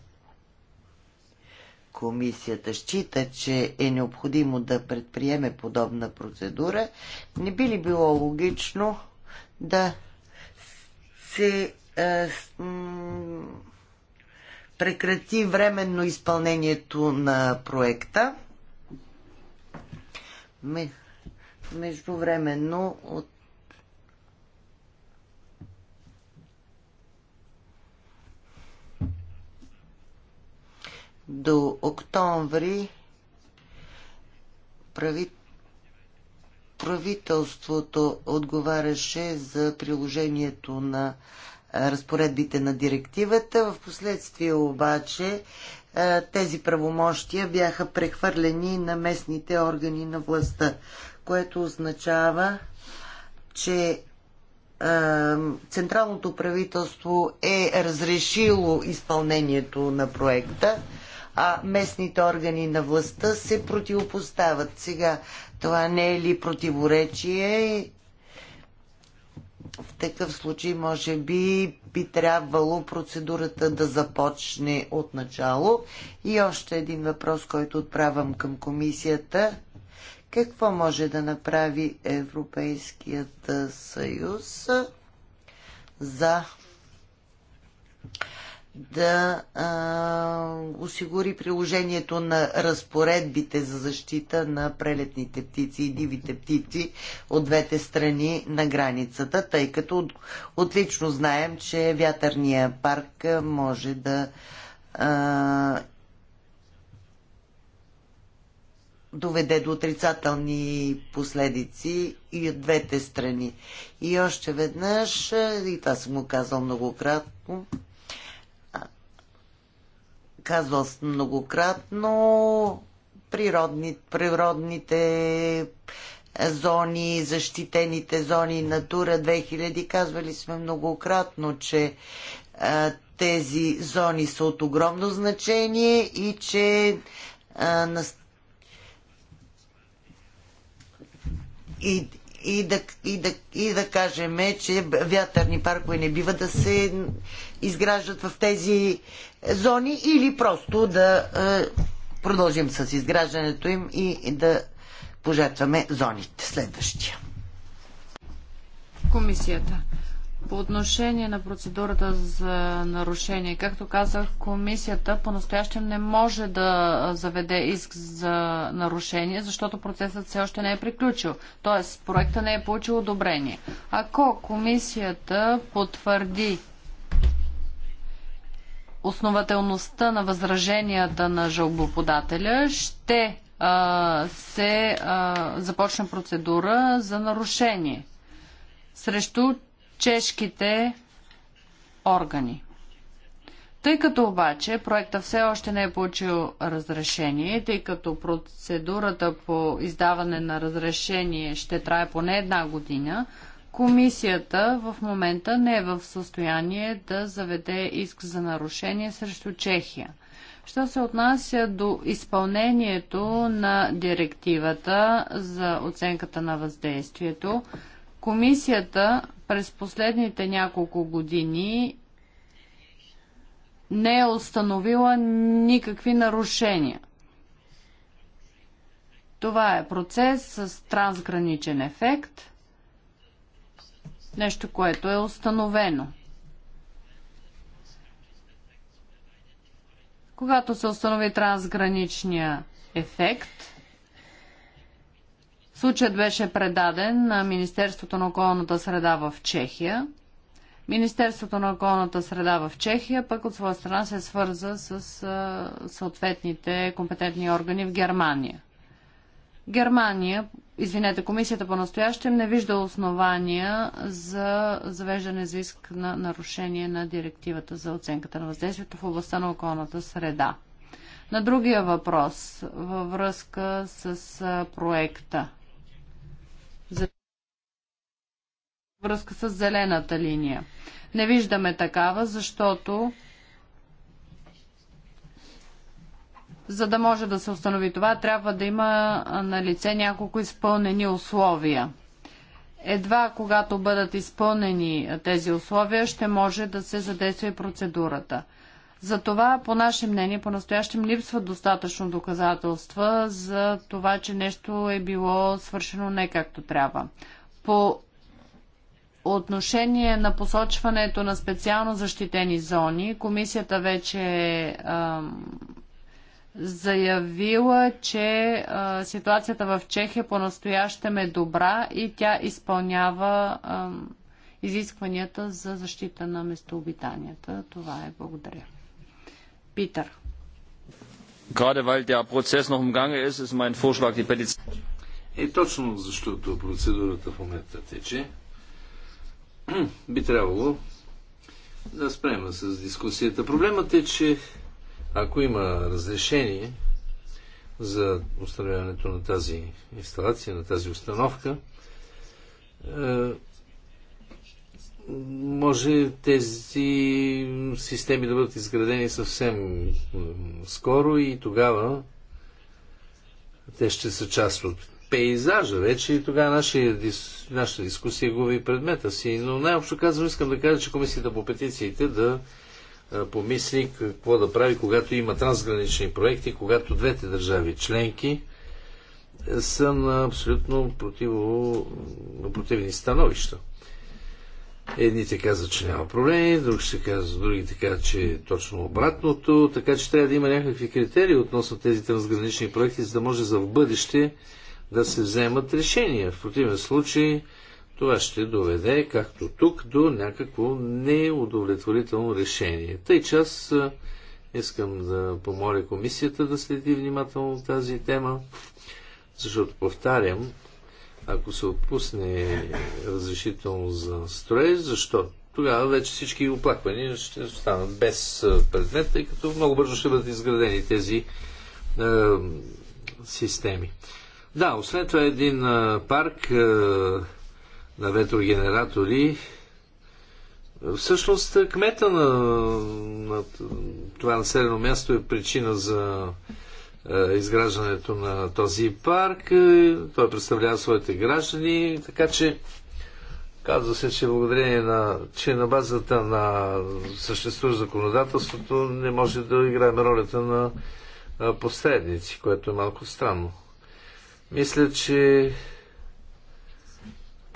комисията счита, че е необходимо да предприеме подобна процедура, не би ли било логично да се е, прекрати временно изпълнението на проекта? Междувременно от до октомври прави... правителството отговаряше за приложението на разпоредбите на директивата. В последствие обаче тези правомощия бяха прехвърлени на местните органи на властта, което означава, че Централното правителство е разрешило изпълнението на проекта, а местните органи на властта се противопоставят. Сега това не е ли противоречие? В такъв случай, може би, би трябвало процедурата да започне от начало. И още един въпрос, който отправям към комисията. Какво може да направи Европейският съюз за да а, осигури приложението на разпоредбите за защита на прелетните птици и дивите птици от двете страни на границата, тъй като отлично знаем, че вятърния парк може да а, доведе до отрицателни последици и от двете страни. И още веднъж, и това съм го казал многократно, казвал многократно, природни, природните зони, защитените зони Натура 2000, казвали сме многократно, че а, тези зони са от огромно значение и че а, на... и, и да, и да, и да кажем, че вятърни паркове не бива да се изграждат в тези зони или просто да е, продължим с изграждането им и да пожертваме зоните. Следващия. Комисията. По отношение на процедурата за нарушение, както казах, комисията по-настоящем не може да заведе иск за нарушение, защото процесът все още не е приключил. Тоест, проекта не е получил одобрение. Ако комисията потвърди основателността на възраженията на жалбоподателя, ще а, се а, започне процедура за нарушение срещу чешките органи. Тъй като обаче проекта все още не е получил разрешение, тъй като процедурата по издаване на разрешение ще трае поне една година, комисията в момента не е в състояние да заведе иск за нарушение срещу Чехия. Що се отнася до изпълнението на директивата за оценката на въздействието, комисията през последните няколко години не е установила никакви нарушения. Това е процес с трансграничен ефект, нещо, което е установено. Когато се установи трансграничния ефект, Случаят беше предаден на Министерството на околната среда в Чехия. Министерството на околната среда в Чехия пък от своя страна се свърза с съответните компетентни органи в Германия. Германия, извинете, комисията по-настоящем не вижда основания за завеждане за иск на нарушение на директивата за оценката на въздействието в областта на околната среда. На другия въпрос във връзка с проекта – за връзка с зелената линия. Не виждаме такава, защото за да може да се установи това, трябва да има на лице няколко изпълнени условия. Едва когато бъдат изпълнени тези условия, ще може да се задейства и процедурата. За това, по наше мнение, по-настоящем липсват достатъчно доказателства за това, че нещо е било свършено не както трябва. По отношение на посочването на специално защитени зони, комисията вече е заявила, че а, ситуацията в Чехия по-настоящем е добра и тя изпълнява а, изискванията за защита на местообитанията. Това е. Благодаря. Питър. И точно защото процедурата в момента тече, би трябвало да спрем с дискусията. Проблемът е, че ако има разрешение за установяването на тази инсталация, на тази установка, е, може тези системи да бъдат изградени съвсем скоро и тогава те ще са част от пейзажа вече и тогава нашия, нашата дискусия губи предмета си. Но най-общо казвам, искам да кажа, че комисията по петициите да помисли какво да прави, когато има трансгранични проекти, когато двете държави членки е, са на абсолютно противо, противни становища. Едните казват, че няма проблеми, други ще казват, другите казват, че е точно обратното. Така че трябва да има някакви критерии относно тези трансгранични проекти, за да може за в бъдеще да се вземат решения. В противен случай това ще доведе, както тук, до някакво неудовлетворително решение. Тъй че аз искам да помоля комисията да следи внимателно тази тема, защото повтарям, ако се отпусне разрешително за строеж, защо? Тогава вече всички оплаквания ще останат без предмет, тъй като много бързо ще бъдат изградени тези е, системи. Да, освен това един е, парк е, на ветрогенератори. Всъщност кмета на, на това населено място е причина за е, изграждането на този парк. Е, той представлява своите граждани, така че Казва се, че благодарение на, че на базата на съществува законодателството не може да играем ролята на е, посредници, което е малко странно. Мисля, че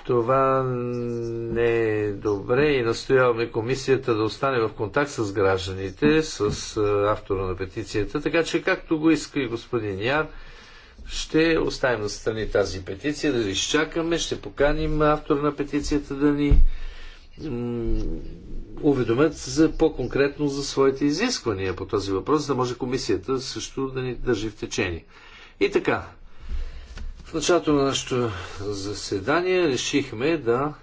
това не е добре и настояваме комисията да остане в контакт с гражданите, с е, автора на петицията, така че както го иска и господин Яр, ще оставим на страни тази петиция, да изчакаме, ще поканим автора на петицията да ни уведомят за, по-конкретно за своите изисквания по този въпрос, да може комисията също да ни държи в течение. И така, в началото на нашето заседание решихме да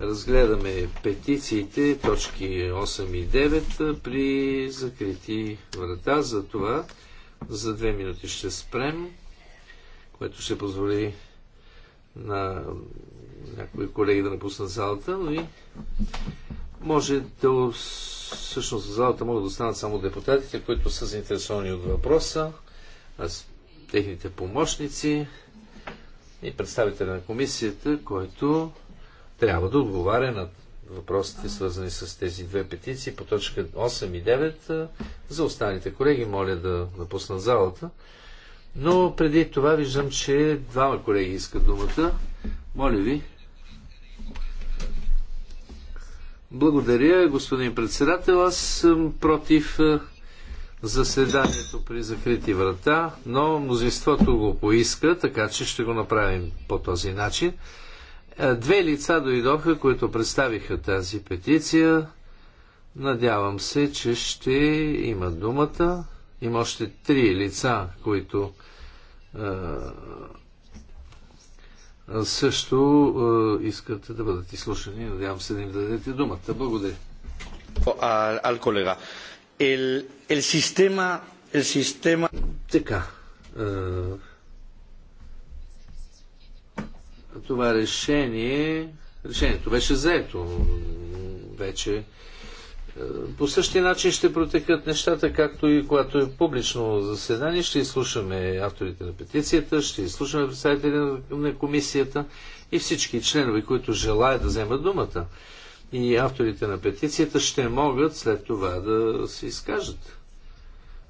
разгледаме петициите, точки 8 и 9, при закрити врата. За това за две минути ще спрем, което ще позволи на някои колеги да напуснат залата, но и може да всъщност в залата могат да останат само депутатите, които са заинтересовани от въпроса. Аз техните помощници и представителя на комисията, който трябва да отговаря на въпросите, свързани с тези две петиции по точка 8 и 9. За останалите колеги моля да напуснат залата. Но преди това виждам, че двама колеги искат думата. Моля ви. Благодаря, господин председател. Аз съм против заседанието при закрити врата, но мнозинството го поиска, така че ще го направим по този начин. Е, две лица дойдоха, които представиха тази петиция. Надявам се, че ще има думата. Има още три лица, които е, също е, искат да бъдат изслушани. Надявам се да им дадете думата. Благодаря. Ал колега el, el sistema... El sistema... Така. Това решение... Решението беше заето вече. По същия начин ще протекат нещата, както и когато е публично заседание. Ще изслушаме авторите на петицията, ще изслушаме представители на комисията и всички членове, които желаят да вземат думата и авторите на петицията ще могат след това да се изкажат.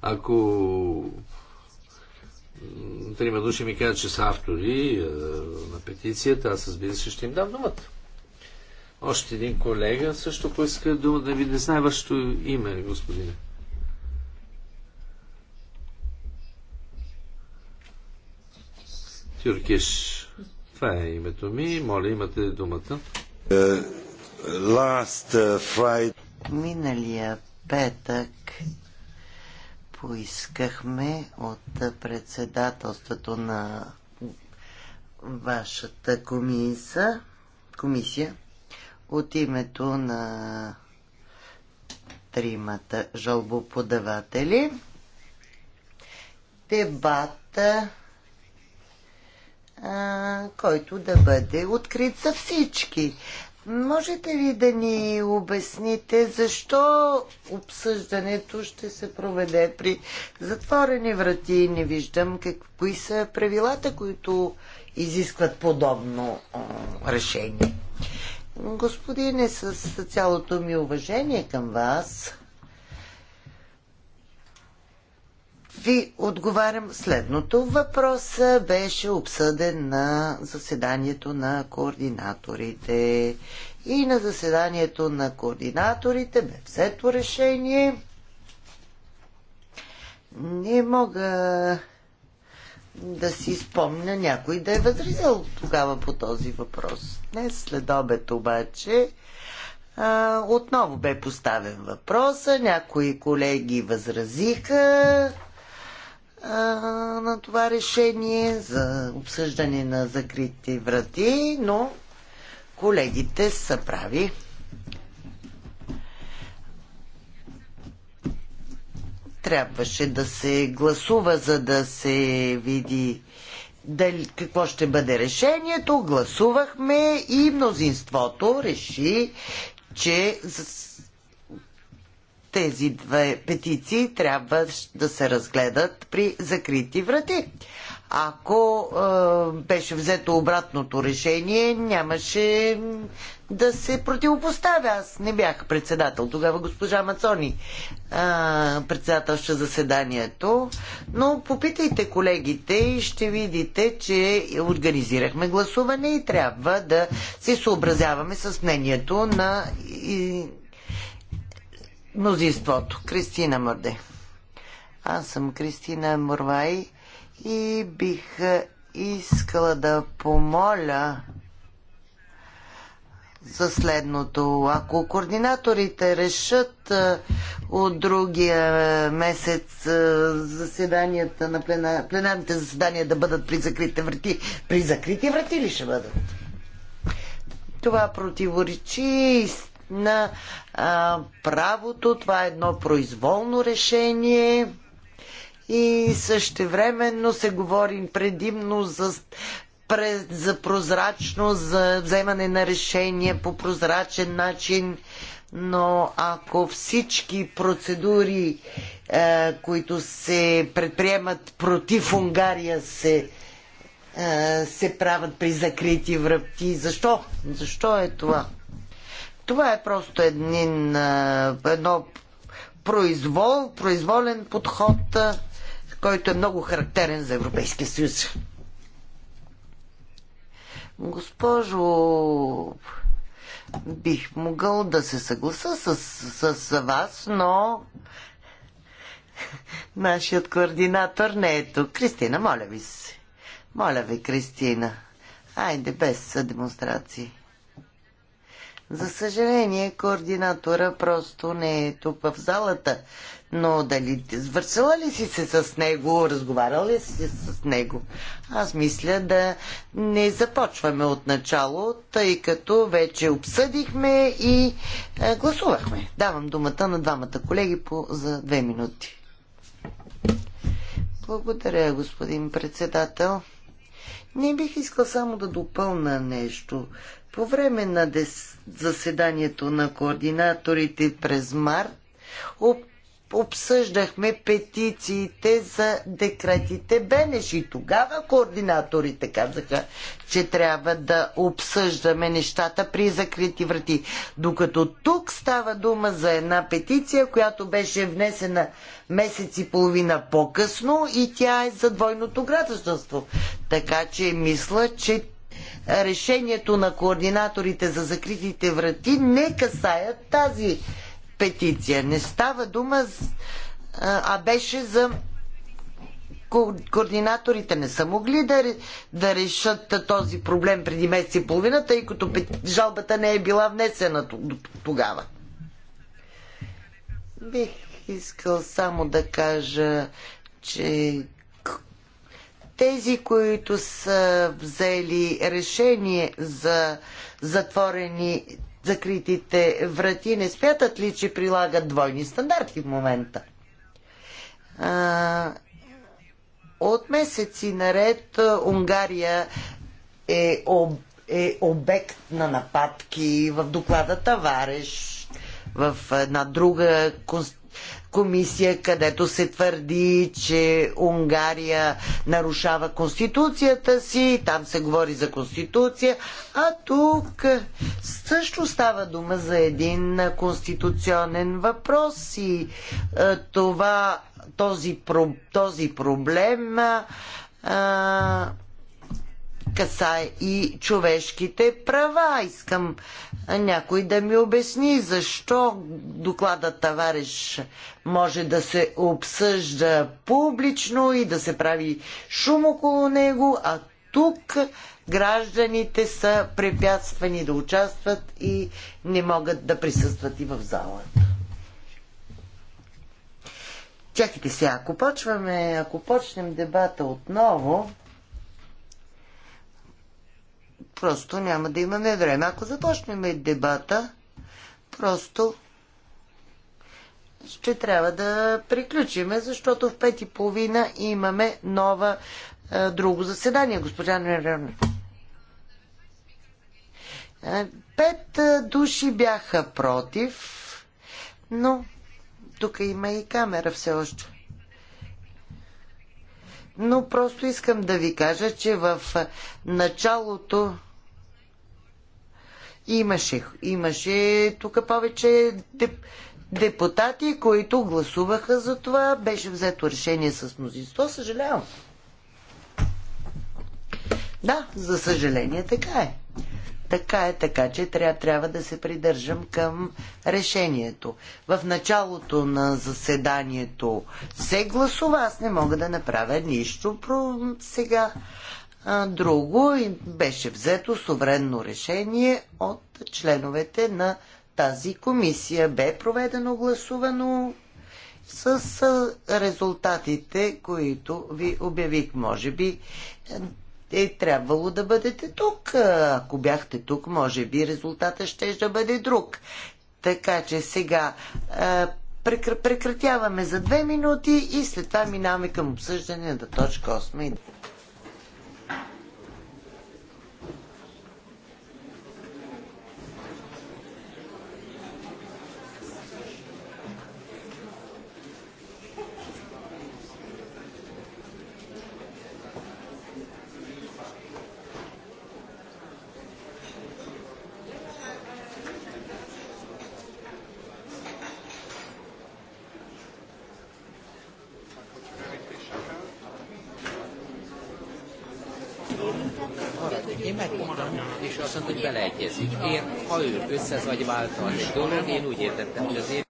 Ако трима души ми кажат, че са автори е, на петицията, аз разбира се ще им дам думата. Още един колега също поиска дума да ви не знае вашето име, господине. Тюркиш. Това е името ми. Моля, имате думата. Е, Uh, Миналия петък поискахме от председателството на вашата комисия, комисия от името на тримата жалбоподаватели. Дебата, а, който да бъде открит за всички. Можете ли да ни обясните защо обсъждането ще се проведе при затворени врати? Не виждам как, кои са правилата, които изискват подобно о, решение. Господине, с цялото ми уважение към вас, ви отговарям следното. Въпрос беше обсъден на заседанието на координаторите. И на заседанието на координаторите бе взето решение. Не мога да си спомня някой да е възразил тогава по този въпрос. Днес след обед обаче а, отново бе поставен въпроса, някои колеги възразиха, на това решение за обсъждане на закрити врати, но колегите са прави. Трябваше да се гласува, за да се види дали, какво ще бъде решението. Гласувахме и мнозинството реши, че тези две петиции трябва да се разгледат при закрити врати. Ако е, беше взето обратното решение, нямаше да се противопоставя. Аз не бях председател. Тогава госпожа Мацони е, председателща заседанието. Но попитайте колегите и ще видите, че организирахме гласуване и трябва да се съобразяваме с мнението на и, мнозинството. Кристина Мърде. Аз съм Кристина Мурвай и бих искала да помоля за следното. Ако координаторите решат от другия месец заседанията на плена... пленарните заседания да бъдат при закрити врати, при закрити врати ли ще бъдат? Това противоречи на а, правото. Това е едно произволно решение и същевременно се говори предимно за за прозрачност, за вземане на решение по прозрачен начин, но ако всички процедури, е, които се предприемат против Унгария, се, е, се правят при закрити врати, защо? Защо е това? Това е просто един, едно произвол, произволен подход, който е много характерен за Европейския съюз. Госпожо, бих могъл да се съгласа с, с, с вас, но нашият координатор не е тук. Кристина, моля ви се. Моля ви, Кристина. Айде, без демонстрации. За съжаление, координатора просто не е тук в залата. Но дали свършила ли си се с него, разговаряла ли си с него? Аз мисля да не започваме от начало, тъй като вече обсъдихме и е, гласувахме. Давам думата на двамата колеги по, за две минути. Благодаря, господин председател. Не бих искал само да допълна нещо. По време на дес... заседанието на координаторите през март обсъждахме петициите за декретите Бенеш и тогава координаторите казаха, че трябва да обсъждаме нещата при закрити врати. Докато тук става дума за една петиция, която беше внесена месец и половина по-късно и тя е за двойното гражданство. Така че мисля, че решението на координаторите за закритите врати не касаят тази петиция. Не става дума, а беше за координаторите не са могли да, да решат този проблем преди месец и половина, тъй като жалбата не е била внесена тогава. Бих искал само да кажа, че тези, които са взели решение за затворени закритите врати, не смятат ли, че прилагат двойни стандарти в момента? А, от месеци наред Унгария е, об, е обект на нападки в доклада Тавареш, в една друга конст комисия, където се твърди, че Унгария нарушава конституцията си, там се говори за конституция, а тук също става дума за един конституционен въпрос и това, този, този проблем а, касае и човешките права. Искам някой да ми обясни защо доклада Тавареш може да се обсъжда публично и да се прави шум около него, а тук гражданите са препятствани да участват и не могат да присъстват и в залата. Чакайте сега, ако почваме, ако почнем дебата отново, просто няма да имаме време. Ако започнем дебата, просто ще трябва да приключиме, защото в пет и половина имаме нова а, е, друго заседание, госпожа Нерерна. Пет е, души бяха против, но тук има и камера все още. Но просто искам да ви кажа, че в е, началото Имаше, имаше тук повече депутати, които гласуваха за това. Беше взето решение с мнозинство. Съжалявам. Да, за съжаление така е. Така е, така че трябва, трябва да се придържам към решението. В началото на заседанието се гласува, аз не мога да направя нищо про сега друго и беше взето суверенно решение от членовете на тази комисия. Бе проведено гласувано с резултатите, които ви обявих. Може би е, е трябвало да бъдете тук. Ако бяхте тук, може би резултата ще да бъде друг. Така че сега прекратяваме за две минути и след това минаваме към обсъждане на точка 8. által, egy dolog, én úgy értettem, hogy az